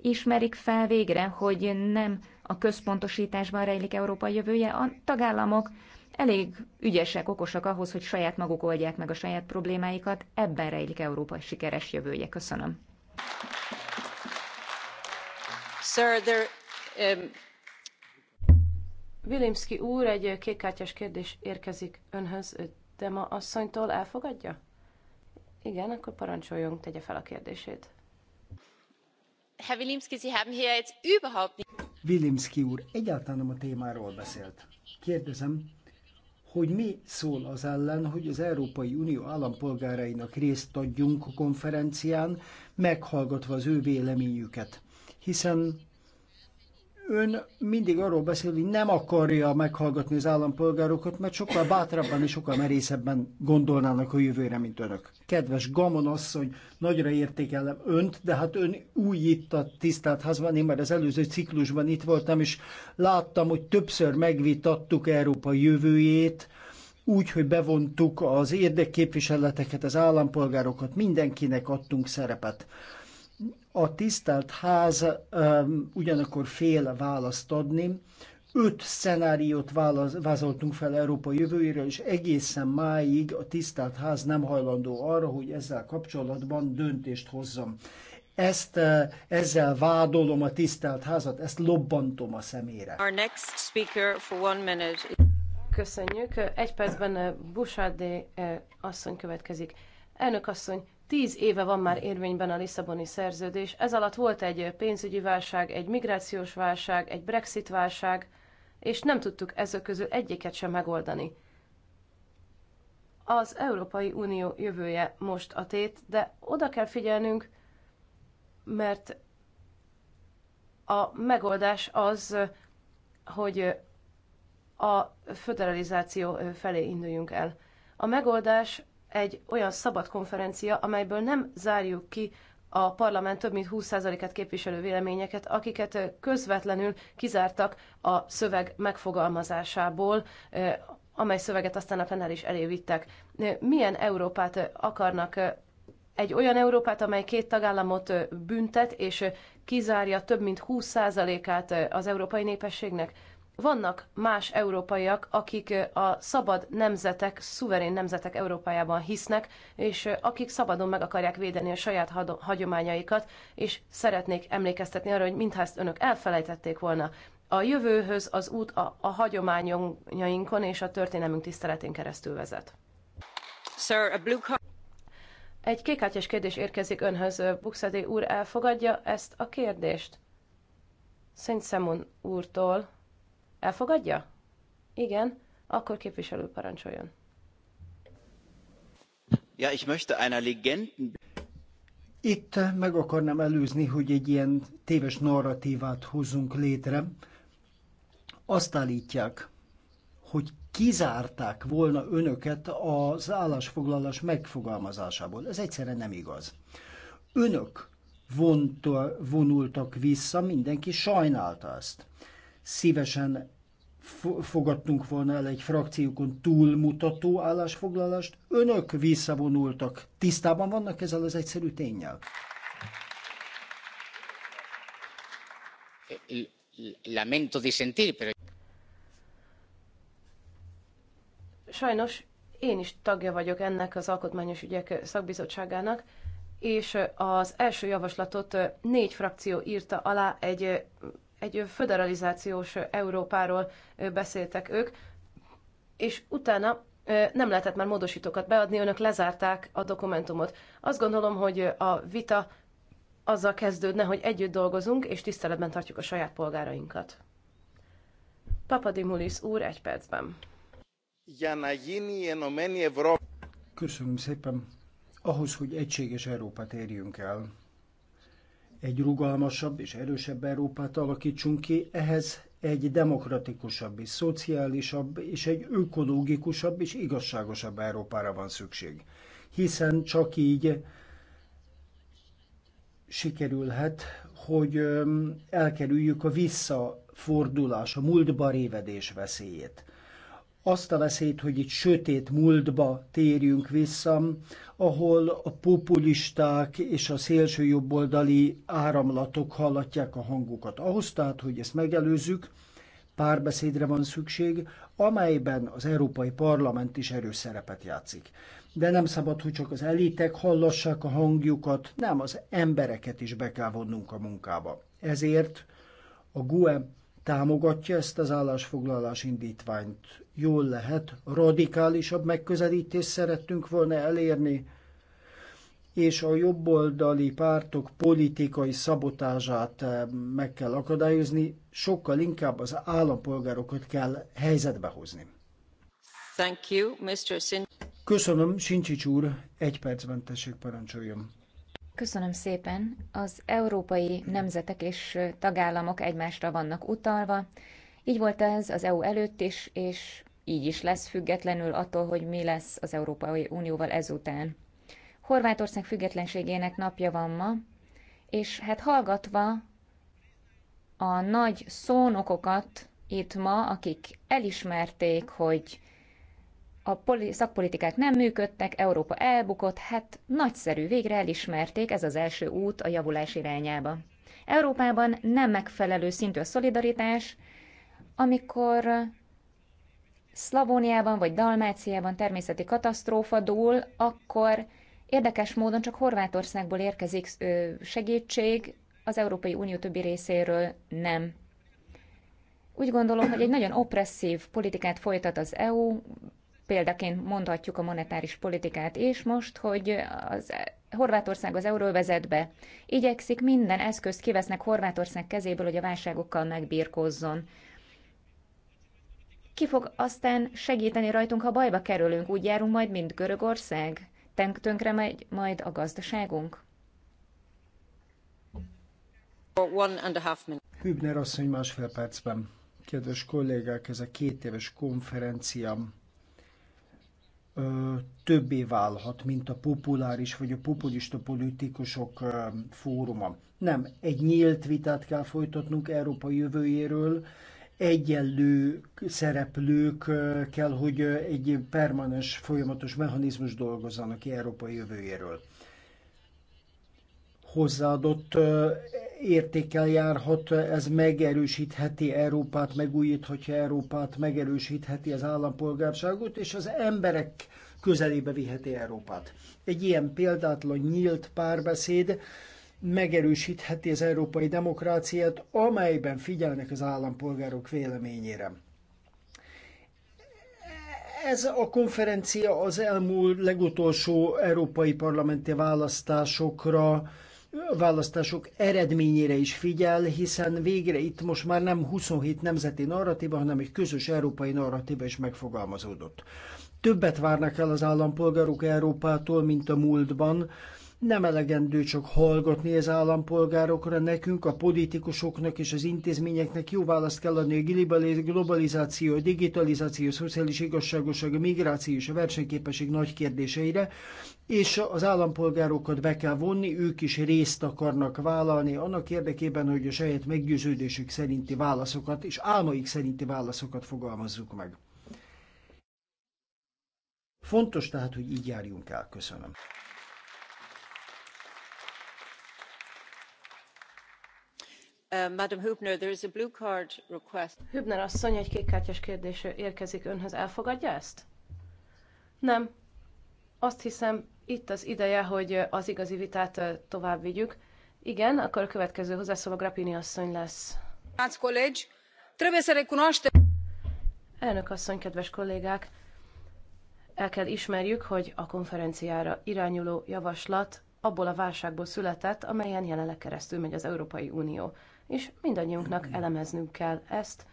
ismerik fel végre, hogy nem a központosításban rejlik Európa jövője. A tagállamok elég ügyesek, okosak ahhoz, hogy saját maguk oldják meg a saját problémáikat. Ebben rejlik Európa sikeres jövője. Köszönöm. Sir, there, um... Vilimski úr, egy kékkártyás kérdés érkezik önhöz, de ma asszonytól elfogadja? Igen, akkor parancsoljon, tegye fel a kérdését. Herr Wilimski, Sie haben hier jetzt überhaupt nicht... Wilimski úr egyáltalán nem a témáról beszélt. Kérdezem, hogy mi szól az ellen, hogy az Európai Unió állampolgárainak részt adjunk a konferencián, meghallgatva az ő véleményüket. Hiszen Ön mindig arról beszél, hogy nem akarja meghallgatni az állampolgárokat, mert sokkal bátrabban és sokkal merészebben gondolnának a jövőre, mint önök. Kedves Gamon asszony, nagyra értékelem önt, de hát ön új itt a tisztelt házban, én már az előző ciklusban itt voltam, és láttam, hogy többször megvitattuk Európa jövőjét, úgy, hogy bevontuk az érdekképviseleteket, az állampolgárokat, mindenkinek adtunk szerepet. A tisztelt ház um, ugyanakkor fél választ adni. Öt szenáriót válasz, vázoltunk fel Európa jövőjére, és egészen máig a tisztelt ház nem hajlandó arra, hogy ezzel kapcsolatban döntést hozzam. Ezt, ezzel vádolom a tisztelt házat, ezt lobbantom a szemére. Our next speaker for one minute. Köszönjük. Egy percben Busádé asszony következik. Elnök asszony, Tíz éve van már érvényben a Lisszaboni szerződés, ez alatt volt egy pénzügyi válság, egy migrációs válság, egy Brexit válság, és nem tudtuk ezek közül egyiket sem megoldani. Az Európai Unió jövője most a tét, de oda kell figyelnünk, mert a megoldás az, hogy a föderalizáció felé induljunk el. A megoldás egy olyan szabad konferencia, amelyből nem zárjuk ki a parlament több mint 20%-át képviselő véleményeket, akiket közvetlenül kizártak a szöveg megfogalmazásából, amely szöveget aztán a plenáris elé vittek. Milyen Európát akarnak egy olyan Európát, amely két tagállamot büntet és kizárja több mint 20%-át az európai népességnek? Vannak más európaiak, akik a szabad nemzetek, szuverén nemzetek Európájában hisznek, és akik szabadon meg akarják védeni a saját hagyományaikat, és szeretnék emlékeztetni arra, hogy mintha ezt önök elfelejtették volna. A jövőhöz az út a, a hagyományainkon és a történelmünk tiszteletén keresztül vezet. Sir, a blue card. Egy kékkártyás kérdés érkezik önhöz. Buxadé úr elfogadja ezt a kérdést? Szent Szemon úrtól. Elfogadja? Igen, akkor képviselő parancsoljon. Ja, ich möchte einer Legenden... Itt meg akarnám előzni, hogy egy ilyen téves narratívát hozzunk létre. Azt állítják, hogy kizárták volna önöket az állásfoglalás megfogalmazásából. Ez egyszerűen nem igaz. Önök vont, vonultak vissza, mindenki sajnálta ezt szívesen fogadtunk volna el egy frakciókon túlmutató állásfoglalást. Önök visszavonultak. Tisztában vannak ezzel az egyszerű tényel? Lamento disentir, pero... Sajnos én is tagja vagyok ennek az Alkotmányos Ügyek Szakbizottságának, és az első javaslatot négy frakció írta alá egy egy föderalizációs Európáról beszéltek ők, és utána nem lehetett már módosítókat beadni, önök lezárták a dokumentumot. Azt gondolom, hogy a vita azzal kezdődne, hogy együtt dolgozunk, és tiszteletben tartjuk a saját polgárainkat. Papadimulis úr, egy percben. Köszönöm szépen. Ahhoz, hogy egységes Európát érjünk el, egy rugalmasabb és erősebb Európát alakítsunk ki, ehhez egy demokratikusabb és szociálisabb és egy ökológikusabb és igazságosabb Európára van szükség. Hiszen csak így sikerülhet, hogy elkerüljük a visszafordulás, a múltba révedés veszélyét azt a veszélyt, hogy itt sötét múltba térjünk vissza, ahol a populisták és a szélső jobboldali áramlatok hallatják a hangukat. Ahhoz tehát, hogy ezt megelőzzük, párbeszédre van szükség, amelyben az Európai Parlament is erős szerepet játszik. De nem szabad, hogy csak az elitek hallassák a hangjukat, nem, az embereket is be kell vonnunk a munkába. Ezért a GUE támogatja ezt az állásfoglalás indítványt, jól lehet, radikálisabb megközelítést szerettünk volna elérni, és a jobboldali pártok politikai szabotázsát eh, meg kell akadályozni, sokkal inkább az állampolgárokat kell helyzetbe hozni. Thank you, Mr. Sin- Köszönöm, Sincsics úr, egy percben tessék parancsoljon. Köszönöm szépen. Az európai nemzetek és tagállamok egymásra vannak utalva. Így volt ez az EU előtt is, és így is lesz, függetlenül attól, hogy mi lesz az Európai Unióval ezután. Horvátország függetlenségének napja van ma, és hát hallgatva a nagy szónokokat itt ma, akik elismerték, hogy a szakpolitikák nem működtek, Európa elbukott, hát nagyszerű, végre elismerték, ez az első út a javulás irányába. Európában nem megfelelő szintű a szolidaritás, amikor Szlavóniában vagy Dalmáciában természeti katasztrófa dúl, akkor érdekes módon csak Horvátországból érkezik segítség, az Európai Unió többi részéről nem. Úgy gondolom, hogy egy nagyon opresszív politikát folytat az EU, példaként mondhatjuk a monetáris politikát is most, hogy az e- Horvátország az euróvezetbe igyekszik, minden eszközt kivesznek Horvátország kezéből, hogy a válságokkal megbírkozzon. Ki fog aztán segíteni rajtunk, ha bajba kerülünk? Úgy járunk majd, mint Görögország? Tönkre megy majd a gazdaságunk? Hübner asszony másfél percben. Kedves kollégák, ez a két éves ö, többé válhat, mint a populáris vagy a populista politikusok fóruma. Nem, egy nyílt vitát kell folytatnunk Európa jövőjéről, egyenlő szereplők kell, hogy egy permanens, folyamatos mechanizmus dolgozzanak ki Európa jövőjéről. Hozzáadott értékkel járhat, ez megerősítheti Európát, megújíthatja Európát, megerősítheti az állampolgárságot, és az emberek közelébe viheti Európát. Egy ilyen példátlan nyílt párbeszéd, megerősítheti az európai demokráciát, amelyben figyelnek az állampolgárok véleményére. Ez a konferencia az elmúlt legutolsó európai parlamenti választásokra választások eredményére is figyel, hiszen végre itt most már nem 27 nemzeti narratíva, hanem egy közös európai narratíva is megfogalmazódott. Többet várnak el az állampolgárok Európától, mint a múltban, nem elegendő csak hallgatni az állampolgárokra, nekünk, a politikusoknak és az intézményeknek jó választ kell adni a globalizáció, a digitalizáció, a szociális igazságosság, a migráció és a versenyképesség nagy kérdéseire, és az állampolgárokat be kell vonni, ők is részt akarnak vállalni annak érdekében, hogy a saját meggyőződésük szerinti válaszokat és álmaik szerinti válaszokat fogalmazzuk meg. Fontos tehát, hogy így járjunk el. Köszönöm. Uh, Hübner, asszony, egy kékkártyás kérdés érkezik önhöz. Elfogadja ezt? Nem. Azt hiszem, itt az ideje, hogy az igazi vitát uh, tovább vigyük. Igen, akkor a következő hozzászóló Grapini asszony lesz. Elnök asszony, kedves kollégák! El kell ismerjük, hogy a konferenciára irányuló javaslat abból a válságból született, amelyen jelenleg keresztül megy az Európai Unió és mindannyiunknak elemeznünk kell ezt.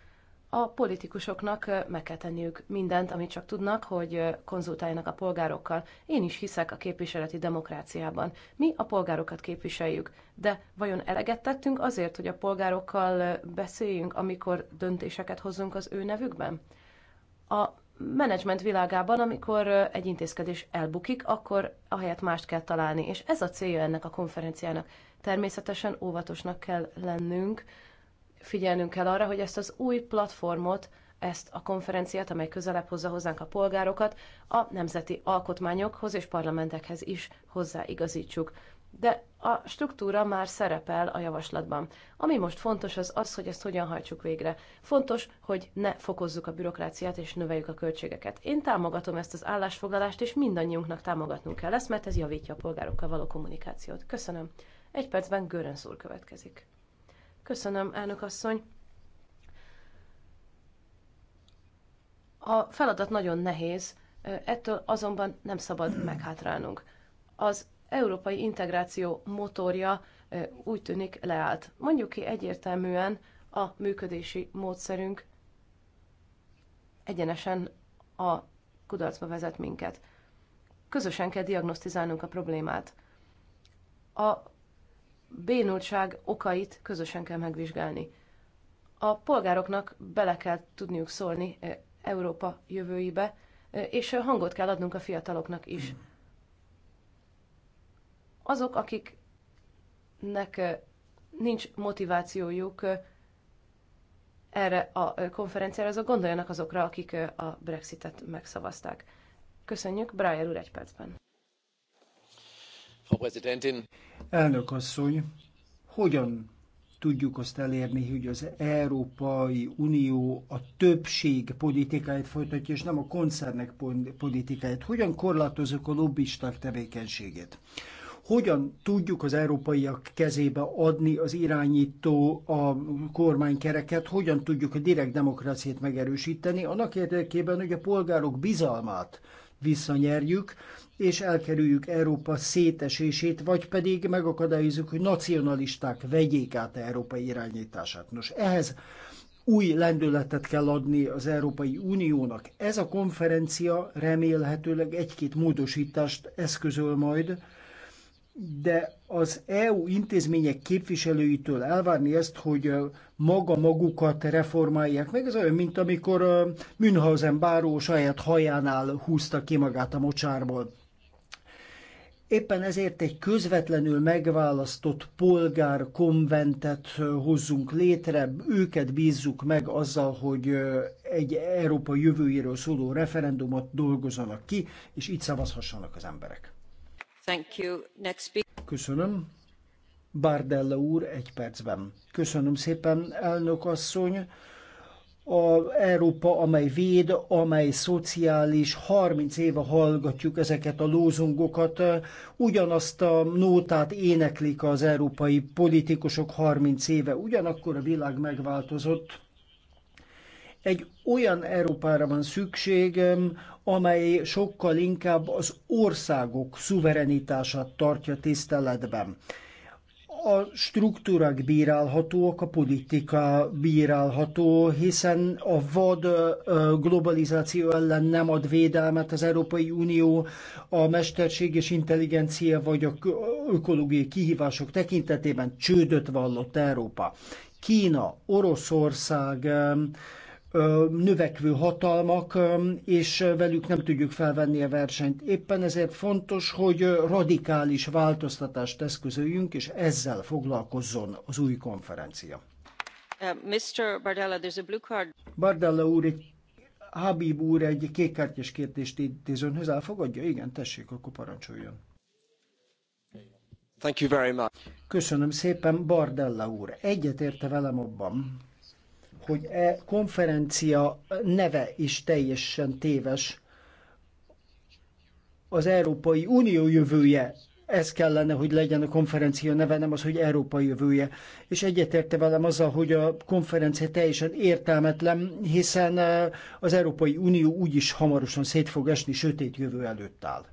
A politikusoknak meg kell tenniük mindent, amit csak tudnak, hogy konzultáljanak a polgárokkal. Én is hiszek a képviseleti demokráciában. Mi a polgárokat képviseljük, de vajon eleget tettünk azért, hogy a polgárokkal beszéljünk, amikor döntéseket hozzunk az ő nevükben? A menedzsment világában, amikor egy intézkedés elbukik, akkor ahelyett mást kell találni, és ez a célja ennek a konferenciának. Természetesen óvatosnak kell lennünk, figyelnünk kell arra, hogy ezt az új platformot, ezt a konferenciát, amely közelebb hozza hozzánk a polgárokat, a nemzeti alkotmányokhoz és parlamentekhez is hozzáigazítsuk. De a struktúra már szerepel a javaslatban. Ami most fontos, az az, hogy ezt hogyan hajtsuk végre. Fontos, hogy ne fokozzuk a bürokráciát és növeljük a költségeket. Én támogatom ezt az állásfoglalást, és mindannyiunknak támogatnunk kell ezt, mert ez javítja a polgárokkal való kommunikációt. Köszönöm. Egy percben Görönsz úr következik. Köszönöm, elnök asszony. A feladat nagyon nehéz, ettől azonban nem szabad meghátrálnunk. Az európai integráció motorja úgy tűnik leállt. Mondjuk ki egyértelműen a működési módszerünk egyenesen a kudarcba vezet minket. Közösen kell diagnosztizálnunk a problémát. A bénultság okait közösen kell megvizsgálni. A polgároknak bele kell tudniuk szólni eh, Európa jövőibe, eh, és hangot kell adnunk a fiataloknak is. Azok, akiknek eh, nincs motivációjuk erre a konferenciára, azok gondoljanak azokra, akik a Brexitet megszavazták. Köszönjük, Brian úr egy percben. Elnök asszony, hogyan tudjuk azt elérni, hogy az Európai Unió a többség politikáját folytatja, és nem a koncernek politikáját? Hogyan korlátozok a lobbisták tevékenységét? Hogyan tudjuk az európaiak kezébe adni az irányító a kormánykereket, hogyan tudjuk a direkt demokráciát megerősíteni, annak érdekében, hogy a polgárok bizalmát visszanyerjük, és elkerüljük Európa szétesését, vagy pedig megakadályozzuk, hogy nacionalisták vegyék át Európa irányítását. Nos, ehhez új lendületet kell adni az Európai Uniónak. Ez a konferencia remélhetőleg egy-két módosítást eszközöl majd, de az EU intézmények képviselőitől elvárni ezt, hogy maga magukat reformálják meg, ez olyan, mint amikor Münhausen báró saját hajánál húzta ki magát a mocsárból. Éppen ezért egy közvetlenül megválasztott polgár konventet hozzunk létre, őket bízzuk meg azzal, hogy egy Európa jövőjéről szóló referendumot dolgozzanak ki, és így szavazhassanak az emberek. Köszönöm. Bárdella úr egy percben. Köszönöm szépen, elnök asszony a Európa, amely véd, amely szociális, 30 éve hallgatjuk ezeket a lózungokat, ugyanazt a nótát éneklik az európai politikusok 30 éve, ugyanakkor a világ megváltozott. Egy olyan Európára van szükség, amely sokkal inkább az országok szuverenitását tartja tiszteletben. A struktúrák bírálhatóak, a politika bírálható, hiszen a vad globalizáció ellen nem ad védelmet az Európai Unió a mesterség és intelligencia vagy a ökológiai kihívások tekintetében csődöt vallott Európa. Kína, Oroszország, növekvő hatalmak, és velük nem tudjuk felvenni a versenyt. Éppen ezért fontos, hogy radikális változtatást eszközöljünk, és ezzel foglalkozzon az új konferencia. Uh, Mr. Bardella, there's a blue card. Bardella úr, egy Habib úr egy kékkártyás kérdést intéz önhöz, elfogadja? Igen, tessék, akkor parancsoljon. Thank you very much. Köszönöm szépen, Bardella úr. Egyetérte velem abban, hogy e konferencia neve is teljesen téves. Az Európai Unió jövője ez kellene, hogy legyen a konferencia neve, nem az, hogy európai jövője. És egyetérte velem azzal, hogy a konferencia teljesen értelmetlen, hiszen e, az Európai Unió úgyis hamarosan szét fog esni, sötét jövő előtt áll.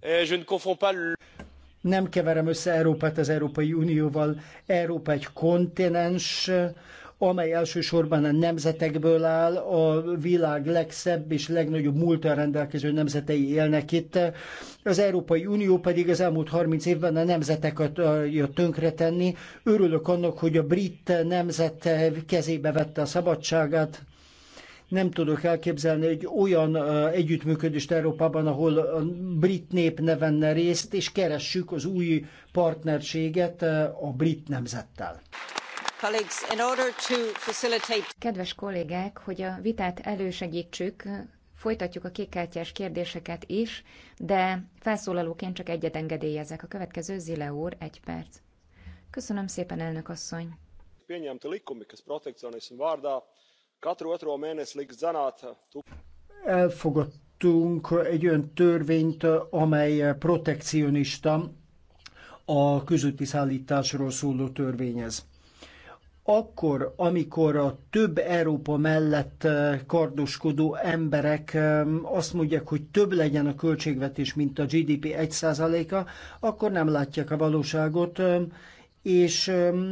Eh, nem keverem össze Európát az Európai Unióval. Európa egy kontinens, amely elsősorban a nemzetekből áll, a világ legszebb és legnagyobb múltan rendelkező nemzetei élnek itt. Az Európai Unió pedig az elmúlt 30 évben a nemzeteket jött tönkretenni. Örülök annak, hogy a brit nemzet kezébe vette a szabadságát, nem tudok elképzelni egy olyan együttműködést Európában, ahol a brit nép ne venne részt, és keressük az új partnerséget a brit nemzettel. Kedves kollégák, hogy a vitát elősegítsük, folytatjuk a kékkártyás kérdéseket is, de felszólalóként csak egyet engedélyezek. A következő Zile úr, egy perc. Köszönöm szépen, elnök asszony. Pieņemti likumi, kas protekcionismu Elfogadtunk egy olyan törvényt, amely protekcionista, a közúti szállításról szóló törvényez akkor, amikor a több Európa mellett eh, kardoskodó emberek eh, azt mondják, hogy több legyen a költségvetés, mint a GDP 1%-a, akkor nem látják a valóságot, eh, és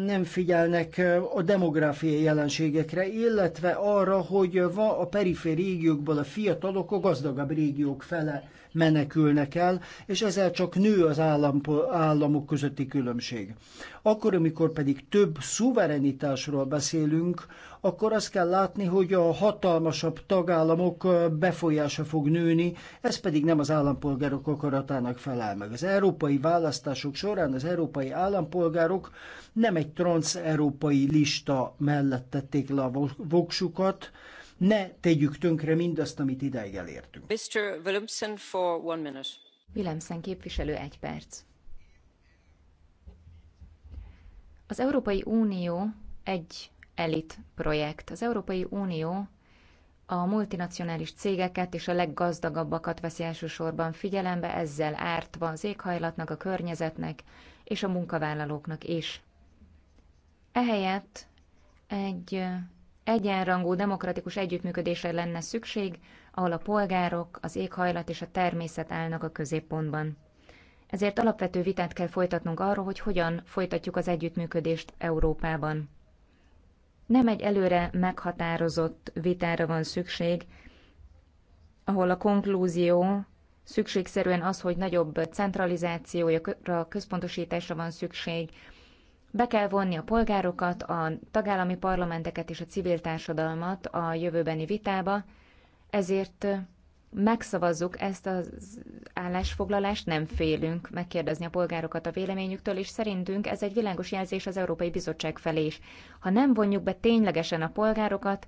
nem figyelnek a demográfiai jelenségekre, illetve arra, hogy a periféri régiókból a fiatalok a gazdagabb régiók fele menekülnek el, és ezzel csak nő az állam, államok közötti különbség. Akkor, amikor pedig több szuverenitásról beszélünk, akkor azt kell látni, hogy a hatalmasabb tagállamok befolyása fog nőni, ez pedig nem az állampolgárok akaratának felel meg. Az európai választások során az európai állampolgárok nem egy transeurópai lista mellett tették le a voksukat, ne tegyük tönkre mindazt, amit ideig elértünk. Mr. Willemsen for one minute. Willemsen képviselő egy perc. Az Európai Unió egy elit projekt. Az Európai Unió a multinacionális cégeket és a leggazdagabbakat veszi elsősorban figyelembe, ezzel ártva az éghajlatnak, a környezetnek és a munkavállalóknak is. Ehelyett egy egyenrangú demokratikus együttműködésre lenne szükség, ahol a polgárok, az éghajlat és a természet állnak a középpontban. Ezért alapvető vitát kell folytatnunk arról, hogy hogyan folytatjuk az együttműködést Európában. Nem egy előre meghatározott vitára van szükség, ahol a konklúzió szükségszerűen az, hogy nagyobb centralizációra, központosításra van szükség. Be kell vonni a polgárokat, a tagállami parlamenteket és a civil társadalmat a jövőbeni vitába, ezért megszavazzuk ezt az állásfoglalást, nem félünk megkérdezni a polgárokat a véleményüktől, és szerintünk ez egy világos jelzés az Európai Bizottság felé is. Ha nem vonjuk be ténylegesen a polgárokat,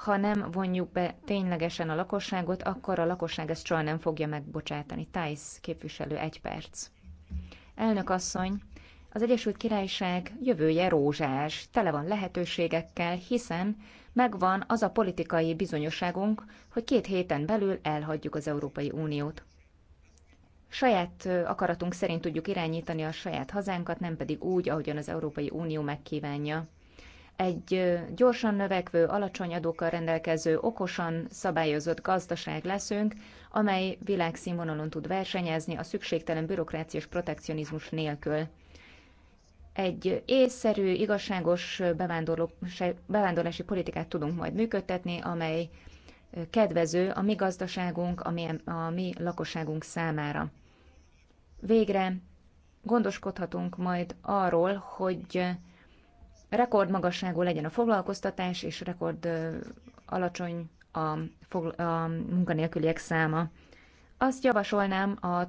ha nem vonjuk be ténylegesen a lakosságot, akkor a lakosság ezt soha nem fogja megbocsátani. Tájsz képviselő, egy perc. Elnök asszony, az Egyesült Királyság jövője rózsás, tele van lehetőségekkel, hiszen megvan az a politikai bizonyosságunk, hogy két héten belül elhagyjuk az Európai Uniót. Saját akaratunk szerint tudjuk irányítani a saját hazánkat, nem pedig úgy, ahogyan az Európai Unió megkívánja egy gyorsan növekvő, alacsony adókkal rendelkező, okosan szabályozott gazdaság leszünk, amely világszínvonalon tud versenyezni a szükségtelen bürokráciás protekcionizmus nélkül. Egy észszerű, igazságos bevándorlási politikát tudunk majd működtetni, amely kedvező a mi gazdaságunk, a mi, a mi lakosságunk számára. Végre gondoskodhatunk majd arról, hogy rekordmagasságú legyen a foglalkoztatás, és rekord alacsony a, a munkanélküliek száma. Azt javasolnám a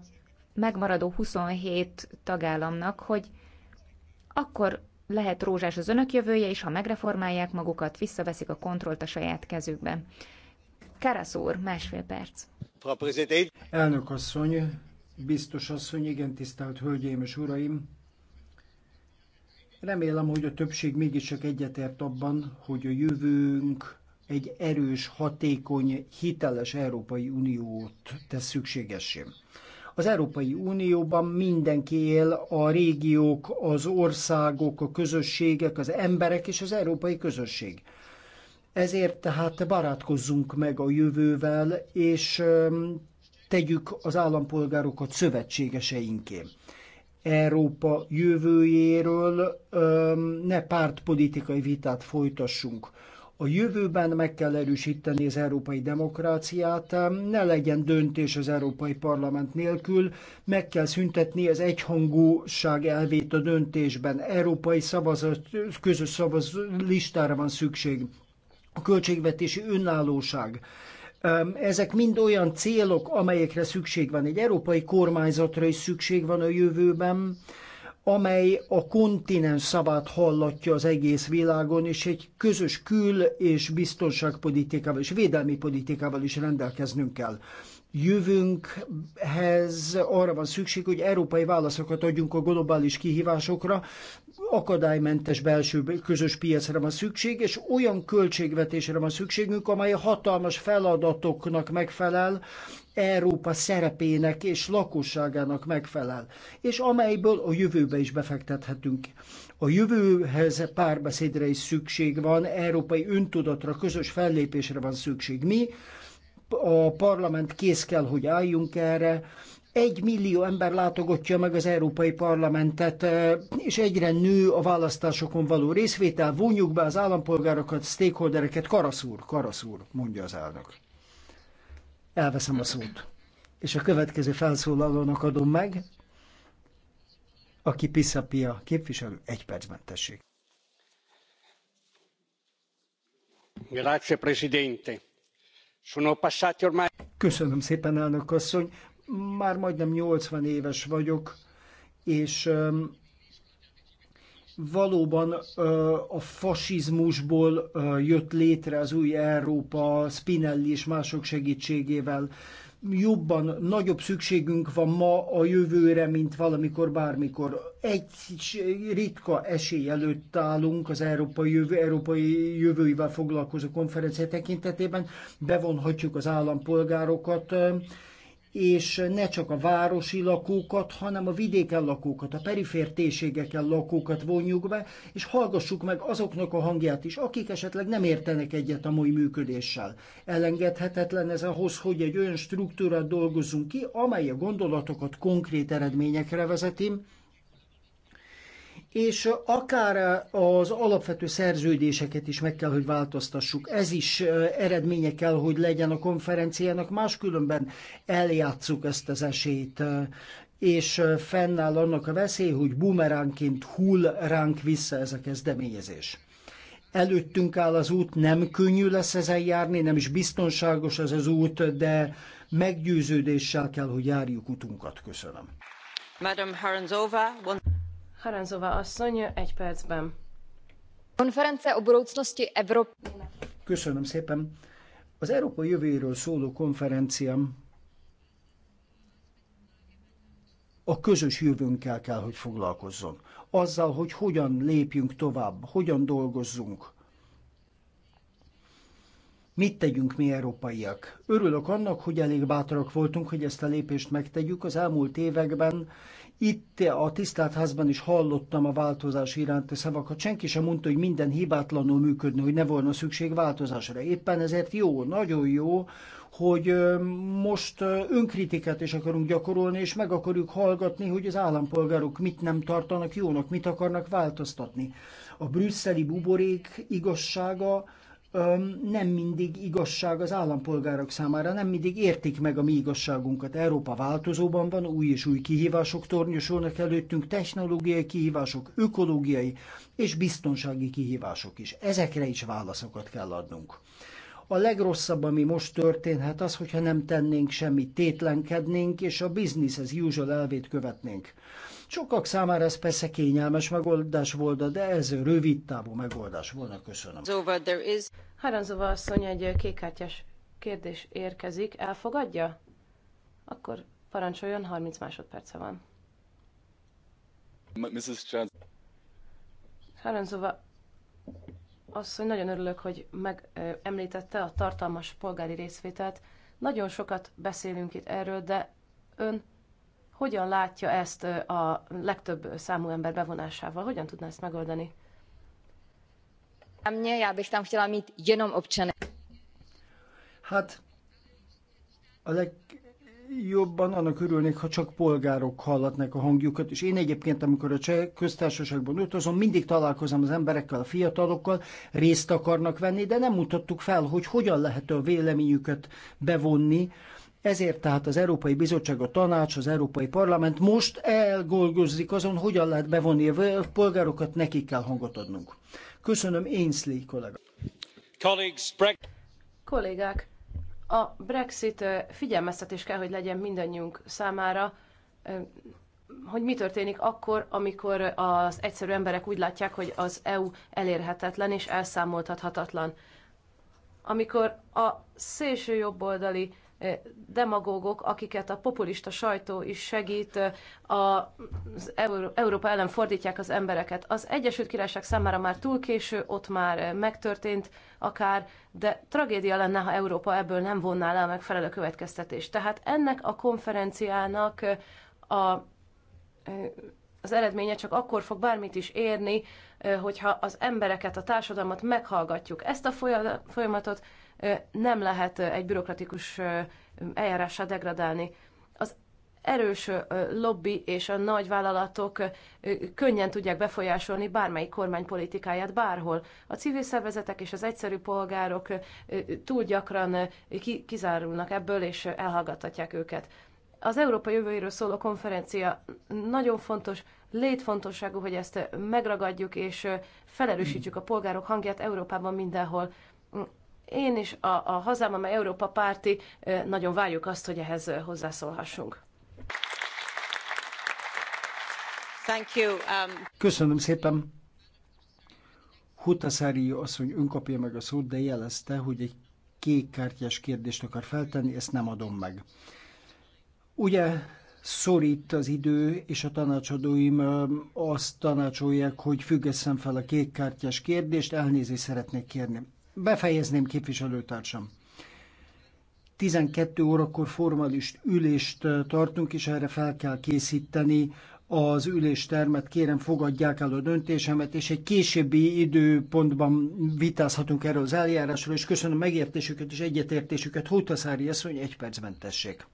megmaradó 27 tagállamnak, hogy akkor lehet rózsás az önök jövője, és ha megreformálják magukat, visszaveszik a kontrollt a saját kezükbe. Karasz úr, másfél perc. Elnök asszony, biztos asszony, igen tisztelt hölgyeim és uraim! Remélem, hogy a többség mégiscsak egyetért abban, hogy a jövőnk egy erős, hatékony, hiteles Európai Uniót tesz szükségessé. Az Európai Unióban mindenki él, a régiók, az országok, a közösségek, az emberek és az európai közösség. Ezért tehát barátkozzunk meg a jövővel, és tegyük az állampolgárokat szövetségeseinké. Európa jövőjéről ne pártpolitikai vitát folytassunk. A jövőben meg kell erősíteni az európai demokráciát, ne legyen döntés az Európai Parlament nélkül, meg kell szüntetni az egyhangúság elvét a döntésben. Európai szavazat, közös szavaz listára van szükség. A költségvetési önállóság ezek mind olyan célok, amelyekre szükség van. Egy európai kormányzatra is szükség van a jövőben, amely a kontinens szabát hallatja az egész világon, és egy közös kül- és biztonságpolitikával és védelmi politikával is rendelkeznünk kell jövőnkhez arra van szükség, hogy európai válaszokat adjunk a globális kihívásokra, akadálymentes belső közös piacra van szükség, és olyan költségvetésre van szükségünk, amely hatalmas feladatoknak megfelel, Európa szerepének és lakosságának megfelel, és amelyből a jövőbe is befektethetünk. A jövőhez párbeszédre is szükség van, európai öntudatra, közös fellépésre van szükség. Mi, a parlament kész kell, hogy álljunk erre. Egy millió ember látogatja meg az Európai Parlamentet, és egyre nő a választásokon való részvétel. Vonjuk be az állampolgárokat, stakeholdereket. Karaszúr, karaszúr, mondja az elnök. Elveszem a szót. És a következő felszólalónak adom meg, aki Piszapia képviselő. Egy percben tessék. Grazie, Presidente Köszönöm szépen, elnök asszony. Már majdnem 80 éves vagyok, és valóban a fasizmusból jött létre az új Európa, Spinelli és mások segítségével jobban, nagyobb szükségünk van ma a jövőre, mint valamikor, bármikor. Egy ritka esély előtt állunk az európai, jövő, európai jövőivel foglalkozó konferencia tekintetében, bevonhatjuk az állampolgárokat, és ne csak a városi lakókat, hanem a vidéken lakókat, a perifér térségeken lakókat vonjuk be, és hallgassuk meg azoknak a hangját is, akik esetleg nem értenek egyet a mai működéssel. Elengedhetetlen ez ahhoz, hogy egy olyan struktúrát dolgozzunk ki, amely a gondolatokat konkrét eredményekre vezeti, és akár eh, az alapvető szerződéseket is meg kell, hogy változtassuk. Ez is eh, eredménye kell, hogy legyen a konferenciának, máskülönben eljátszuk ezt az esélyt eh, és fennáll annak a veszély, hogy bumeránként hull ránk vissza ez a kezdeményezés. Előttünk áll az út, nem könnyű lesz ezen járni, nem is biztonságos ez az út, de meggyőződéssel kell, hogy járjuk utunkat. Köszönöm. Madam Haranzova, one... Haranzova asszony, egy percben. Konference o budoucnosti Evropy. Köszönöm szépen. Az Európa jövőjéről szóló konferenciám a közös jövőnkkel kell, hogy foglalkozzon. Azzal, hogy hogyan lépjünk tovább, hogyan dolgozzunk, Mit tegyünk mi európaiak? Örülök annak, hogy elég bátrak voltunk, hogy ezt a lépést megtegyük. Az elmúlt években itt a tisztelt házban is hallottam a változás iránti szavakat. Senki sem mondta, hogy minden hibátlanul működne, hogy ne volna szükség változásra. Éppen ezért jó, nagyon jó, hogy most önkritikát is akarunk gyakorolni, és meg akarjuk hallgatni, hogy az állampolgárok mit nem tartanak jónak, mit akarnak változtatni. A brüsszeli buborék igazsága nem mindig igazság az állampolgárok számára, nem mindig értik meg a mi igazságunkat. Európa változóban van, új és új kihívások tornyosulnak előttünk, technológiai kihívások, ökológiai és biztonsági kihívások is. Ezekre is válaszokat kell adnunk. A legrosszabb, ami most történhet, az, hogyha nem tennénk semmit, tétlenkednénk, és a business as usual elvét követnénk. Sokak számára ez persze kényelmes megoldás volt, de ez rövid távú megoldás volna. Köszönöm. Haranzova asszony egy kékkártyás kérdés érkezik. Elfogadja? Akkor parancsoljon, 30 másodperce van. Mrs. Haranzova asszony, nagyon örülök, hogy megemlítette a tartalmas polgári részvételt. Nagyon sokat beszélünk itt erről, de ön hogyan látja ezt a legtöbb számú ember bevonásával? Hogyan tudná ezt megoldani? Mě, já bych tam chtěla mít jenom občany. Hát a legjobban annak örülnék, ha csak polgárok hallatnak a hangjukat, és én egyébként, amikor a cseh köztársaságban utazom, mindig találkozom az emberekkel, a fiatalokkal, részt akarnak venni, de nem mutattuk fel, hogy hogyan lehet a véleményüket bevonni ezért tehát az Európai Bizottság, a Tanács, az Európai Parlament most elgolgozzik azon, hogyan lehet bevonni a polgárokat, nekik kell hangot adnunk. Köszönöm, Ainsley kollega. Kollégák, a Brexit figyelmeztetés kell, hogy legyen mindannyiunk számára, hogy mi történik akkor, amikor az egyszerű emberek úgy látják, hogy az EU elérhetetlen és elszámoltathatatlan. Amikor a szélső jobboldali demagógok, akiket a populista sajtó is segít, az Európa ellen fordítják az embereket. Az Egyesült Királyság számára már túl késő, ott már megtörtént akár, de tragédia lenne, ha Európa ebből nem vonná le a megfelelő következtetést. Tehát ennek a konferenciának a az eredménye csak akkor fog bármit is érni, hogyha az embereket, a társadalmat meghallgatjuk. Ezt a folyamatot nem lehet egy bürokratikus eljárással degradálni. Az erős lobby és a nagy vállalatok könnyen tudják befolyásolni bármelyik kormány politikáját bárhol. A civil szervezetek és az egyszerű polgárok túl gyakran kizárulnak ebből, és elhallgathatják őket. Az Európa jövőjéről szóló konferencia nagyon fontos, létfontosságú, hogy ezt megragadjuk és felerősítsük a polgárok hangját Európában mindenhol. Én is a, a hazám, amely Európa párti, nagyon várjuk azt, hogy ehhez hozzászólhassunk. Thank you. Um... Köszönöm szépen. Hutaszári asszony önkapja meg a szót, de jelezte, hogy egy kártyás kérdést akar feltenni, ezt nem adom meg. Ugye szorít az idő, és a tanácsadóim azt tanácsolják, hogy függesszem fel a kártyás kérdést, elnézést szeretnék kérni. Befejezném képviselőtársam. 12 órakor formális ülést eh, tartunk, és erre fel kell készíteni az üléstermet. Kérem, fogadják el a döntésemet, és egy későbbi időpontban vitázhatunk erről az eljárásról, és köszönöm megértésüket és egyetértésüket. Hótaszári asszony, egy percben tessék.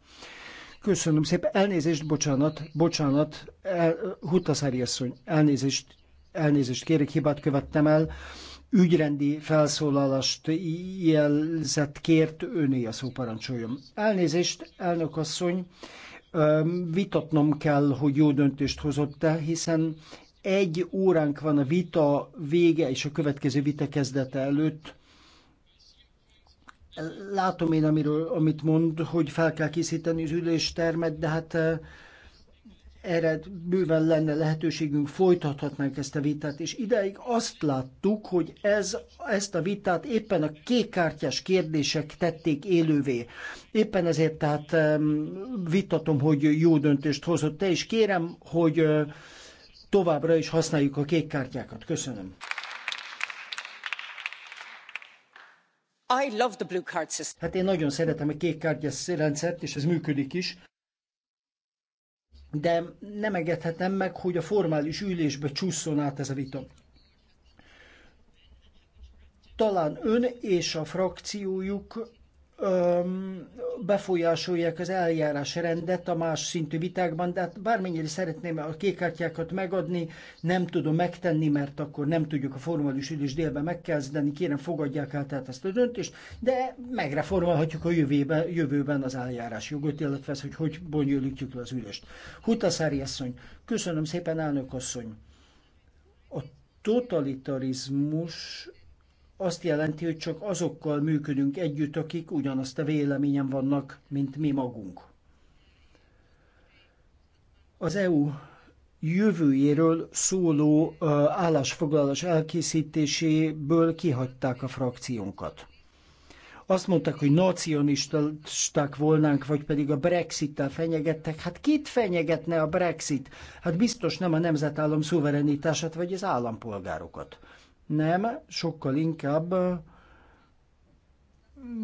Köszönöm szépen. Elnézést, bocsánat, bocsánat, el, Hutaszári asszony, elnézést, elnézést kérek, hibát követtem el ügyrendi felszólalást jelzett kért, öné a szó parancsoljon. Elnézést, elnök asszony, vitatnom kell, hogy jó döntést hozott-e, hiszen egy óránk van a vita vége és a következő vita kezdete előtt. Látom én, amiről, amit mond, hogy fel kell készíteni az üléstermet, de hát erre bőven lenne lehetőségünk, folytathatnánk ezt a vitát, és ideig azt láttuk, hogy ez, ezt a vitát éppen a kékkártyás kérdések tették élővé. Éppen ezért tehát vitatom, hogy jó döntést hozott te, és kérem, hogy továbbra is használjuk a kékkártyákat. Köszönöm. I love the blue card system. Hát én nagyon szeretem a kék kártyás rendszert, és ez működik is de nem engedhetem meg, hogy a formális ülésbe csúszson át ez a vita. Talán ön és a frakciójuk befolyásolják az eljárás rendet a más szintű vitákban, de hát bármennyire szeretném a kékkártyákat megadni, nem tudom megtenni, mert akkor nem tudjuk a formális ülés délben megkezdeni, kérem fogadják el tehát ezt a döntést, de megreformálhatjuk a jövőben, jövőben az eljárás jogot, illetve ez, hogy hogy bonyolítjuk le az ülést. Hutaszári asszony, köszönöm szépen, elnök asszony. A totalitarizmus azt jelenti, hogy csak azokkal működünk együtt, akik ugyanazt a véleményen vannak, mint mi magunk. Az EU jövőjéről szóló állásfoglalás elkészítéséből kihagyták a frakciónkat. Azt mondták, hogy nacionisták volnánk, vagy pedig a Brexit-tel fenyegettek. Hát kit fenyegetne a Brexit? Hát biztos nem a nemzetállam szuverenitását, vagy az állampolgárokat. Nem, sokkal inkább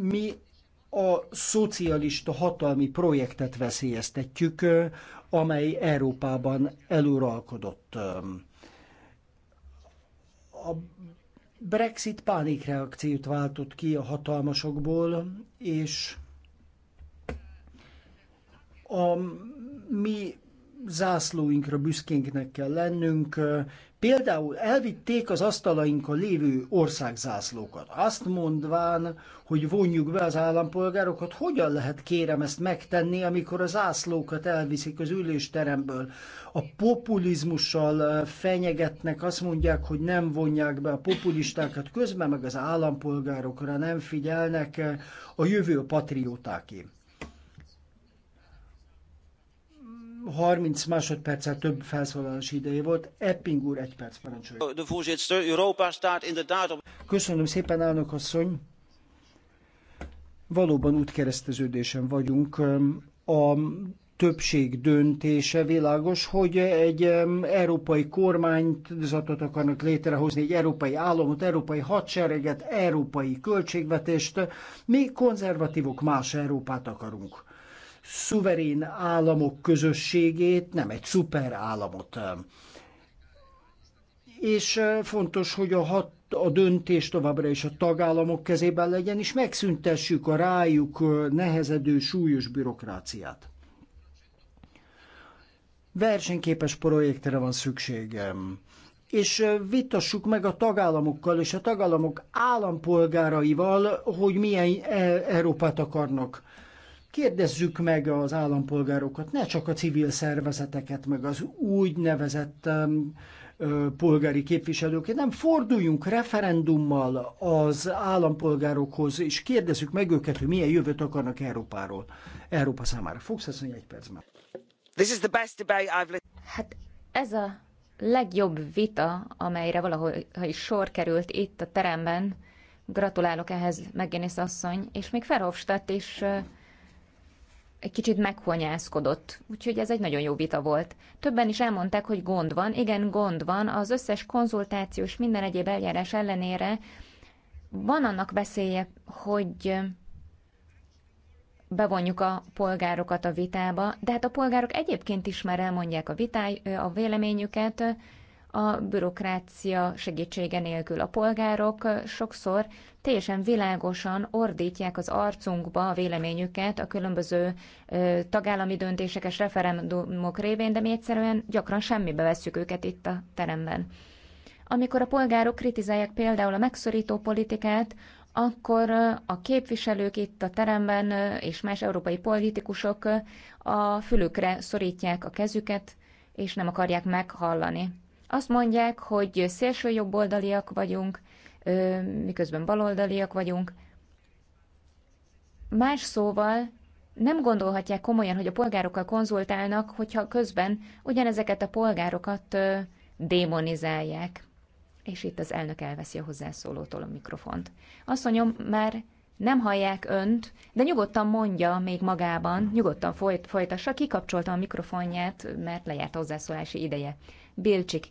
mi a szocialista hatalmi projektet veszélyeztetjük, amely Európában eluralkodott. A Brexit pánikreakciót váltott ki a hatalmasokból, és a mi zászlóinkra büszkénknek kell lennünk. Például elvitték az asztalainkon lévő országzászlókat, azt mondván, hogy vonjuk be az állampolgárokat, hogyan lehet kérem ezt megtenni, amikor a zászlókat elviszik az ülésteremből. A populizmussal fenyegetnek, azt mondják, hogy nem vonják be a populistákat, közben meg az állampolgárokra nem figyelnek, a jövő a patriótáké. 30 másodperccel több felszólalási ideje volt. Epping úr, egy perc parancsolja. De Köszönöm szépen, elnök asszony. Valóban útkereszteződésen vagyunk. A többség döntése világos, hogy egy európai kormányzatot akarnak létrehozni, egy európai államot, európai hadsereget, európai költségvetést. Mi konzervatívok más Európát akarunk szuverén államok közösségét, nem egy szuperállamot. És fontos, hogy a hat a döntés továbbra is a tagállamok kezében legyen, és megszüntessük a rájuk nehezedő súlyos bürokráciát. Versenyképes projektre van szükségem és vitassuk meg a tagállamokkal és a tagállamok állampolgáraival, hogy milyen e, Európát akarnak. Kérdezzük meg az állampolgárokat, ne csak a civil szervezeteket, meg az úgynevezett polgári képviselők, nem forduljunk referendummal az állampolgárokhoz, és kérdezzük meg őket, hogy milyen jövőt akarnak Európáról, Európa számára. Fogsz ezt egy percben? This is the best debate I've... Hát ez a legjobb vita, amelyre valahol is sor került itt a teremben. Gratulálok ehhez, Megénész asszony, és még Ferhofstadt is uh, egy kicsit meghonyászkodott, úgyhogy ez egy nagyon jó vita volt. Többen is elmondták, hogy gond van, igen, gond van, az összes konzultációs minden egyéb eljárás ellenére van annak veszélye, hogy bevonjuk a polgárokat a vitába, de hát a polgárok egyébként is már elmondják a, vitáj, a véleményüket, a bürokrácia segítsége nélkül. A polgárok sokszor teljesen világosan ordítják az arcunkba a véleményüket a különböző tagállami döntések és referendumok révén, de mi egyszerűen gyakran semmibe vesszük őket itt a teremben. Amikor a polgárok kritizálják például a megszorító politikát, akkor a képviselők itt a teremben és más európai politikusok a fülükre szorítják a kezüket, és nem akarják meghallani. Azt mondják, hogy szélső jobboldaliak vagyunk, miközben baloldaliak vagyunk. Más szóval nem gondolhatják komolyan, hogy a polgárokkal konzultálnak, hogyha közben ugyanezeket a polgárokat démonizálják. És itt az elnök elveszi a hozzászólótól a mikrofont. mondjam, már nem hallják önt, de nyugodtan mondja még magában, nyugodtan folyt, folytassa, kikapcsolta a mikrofonját, mert lejárt a hozzászólási ideje. Bilcsik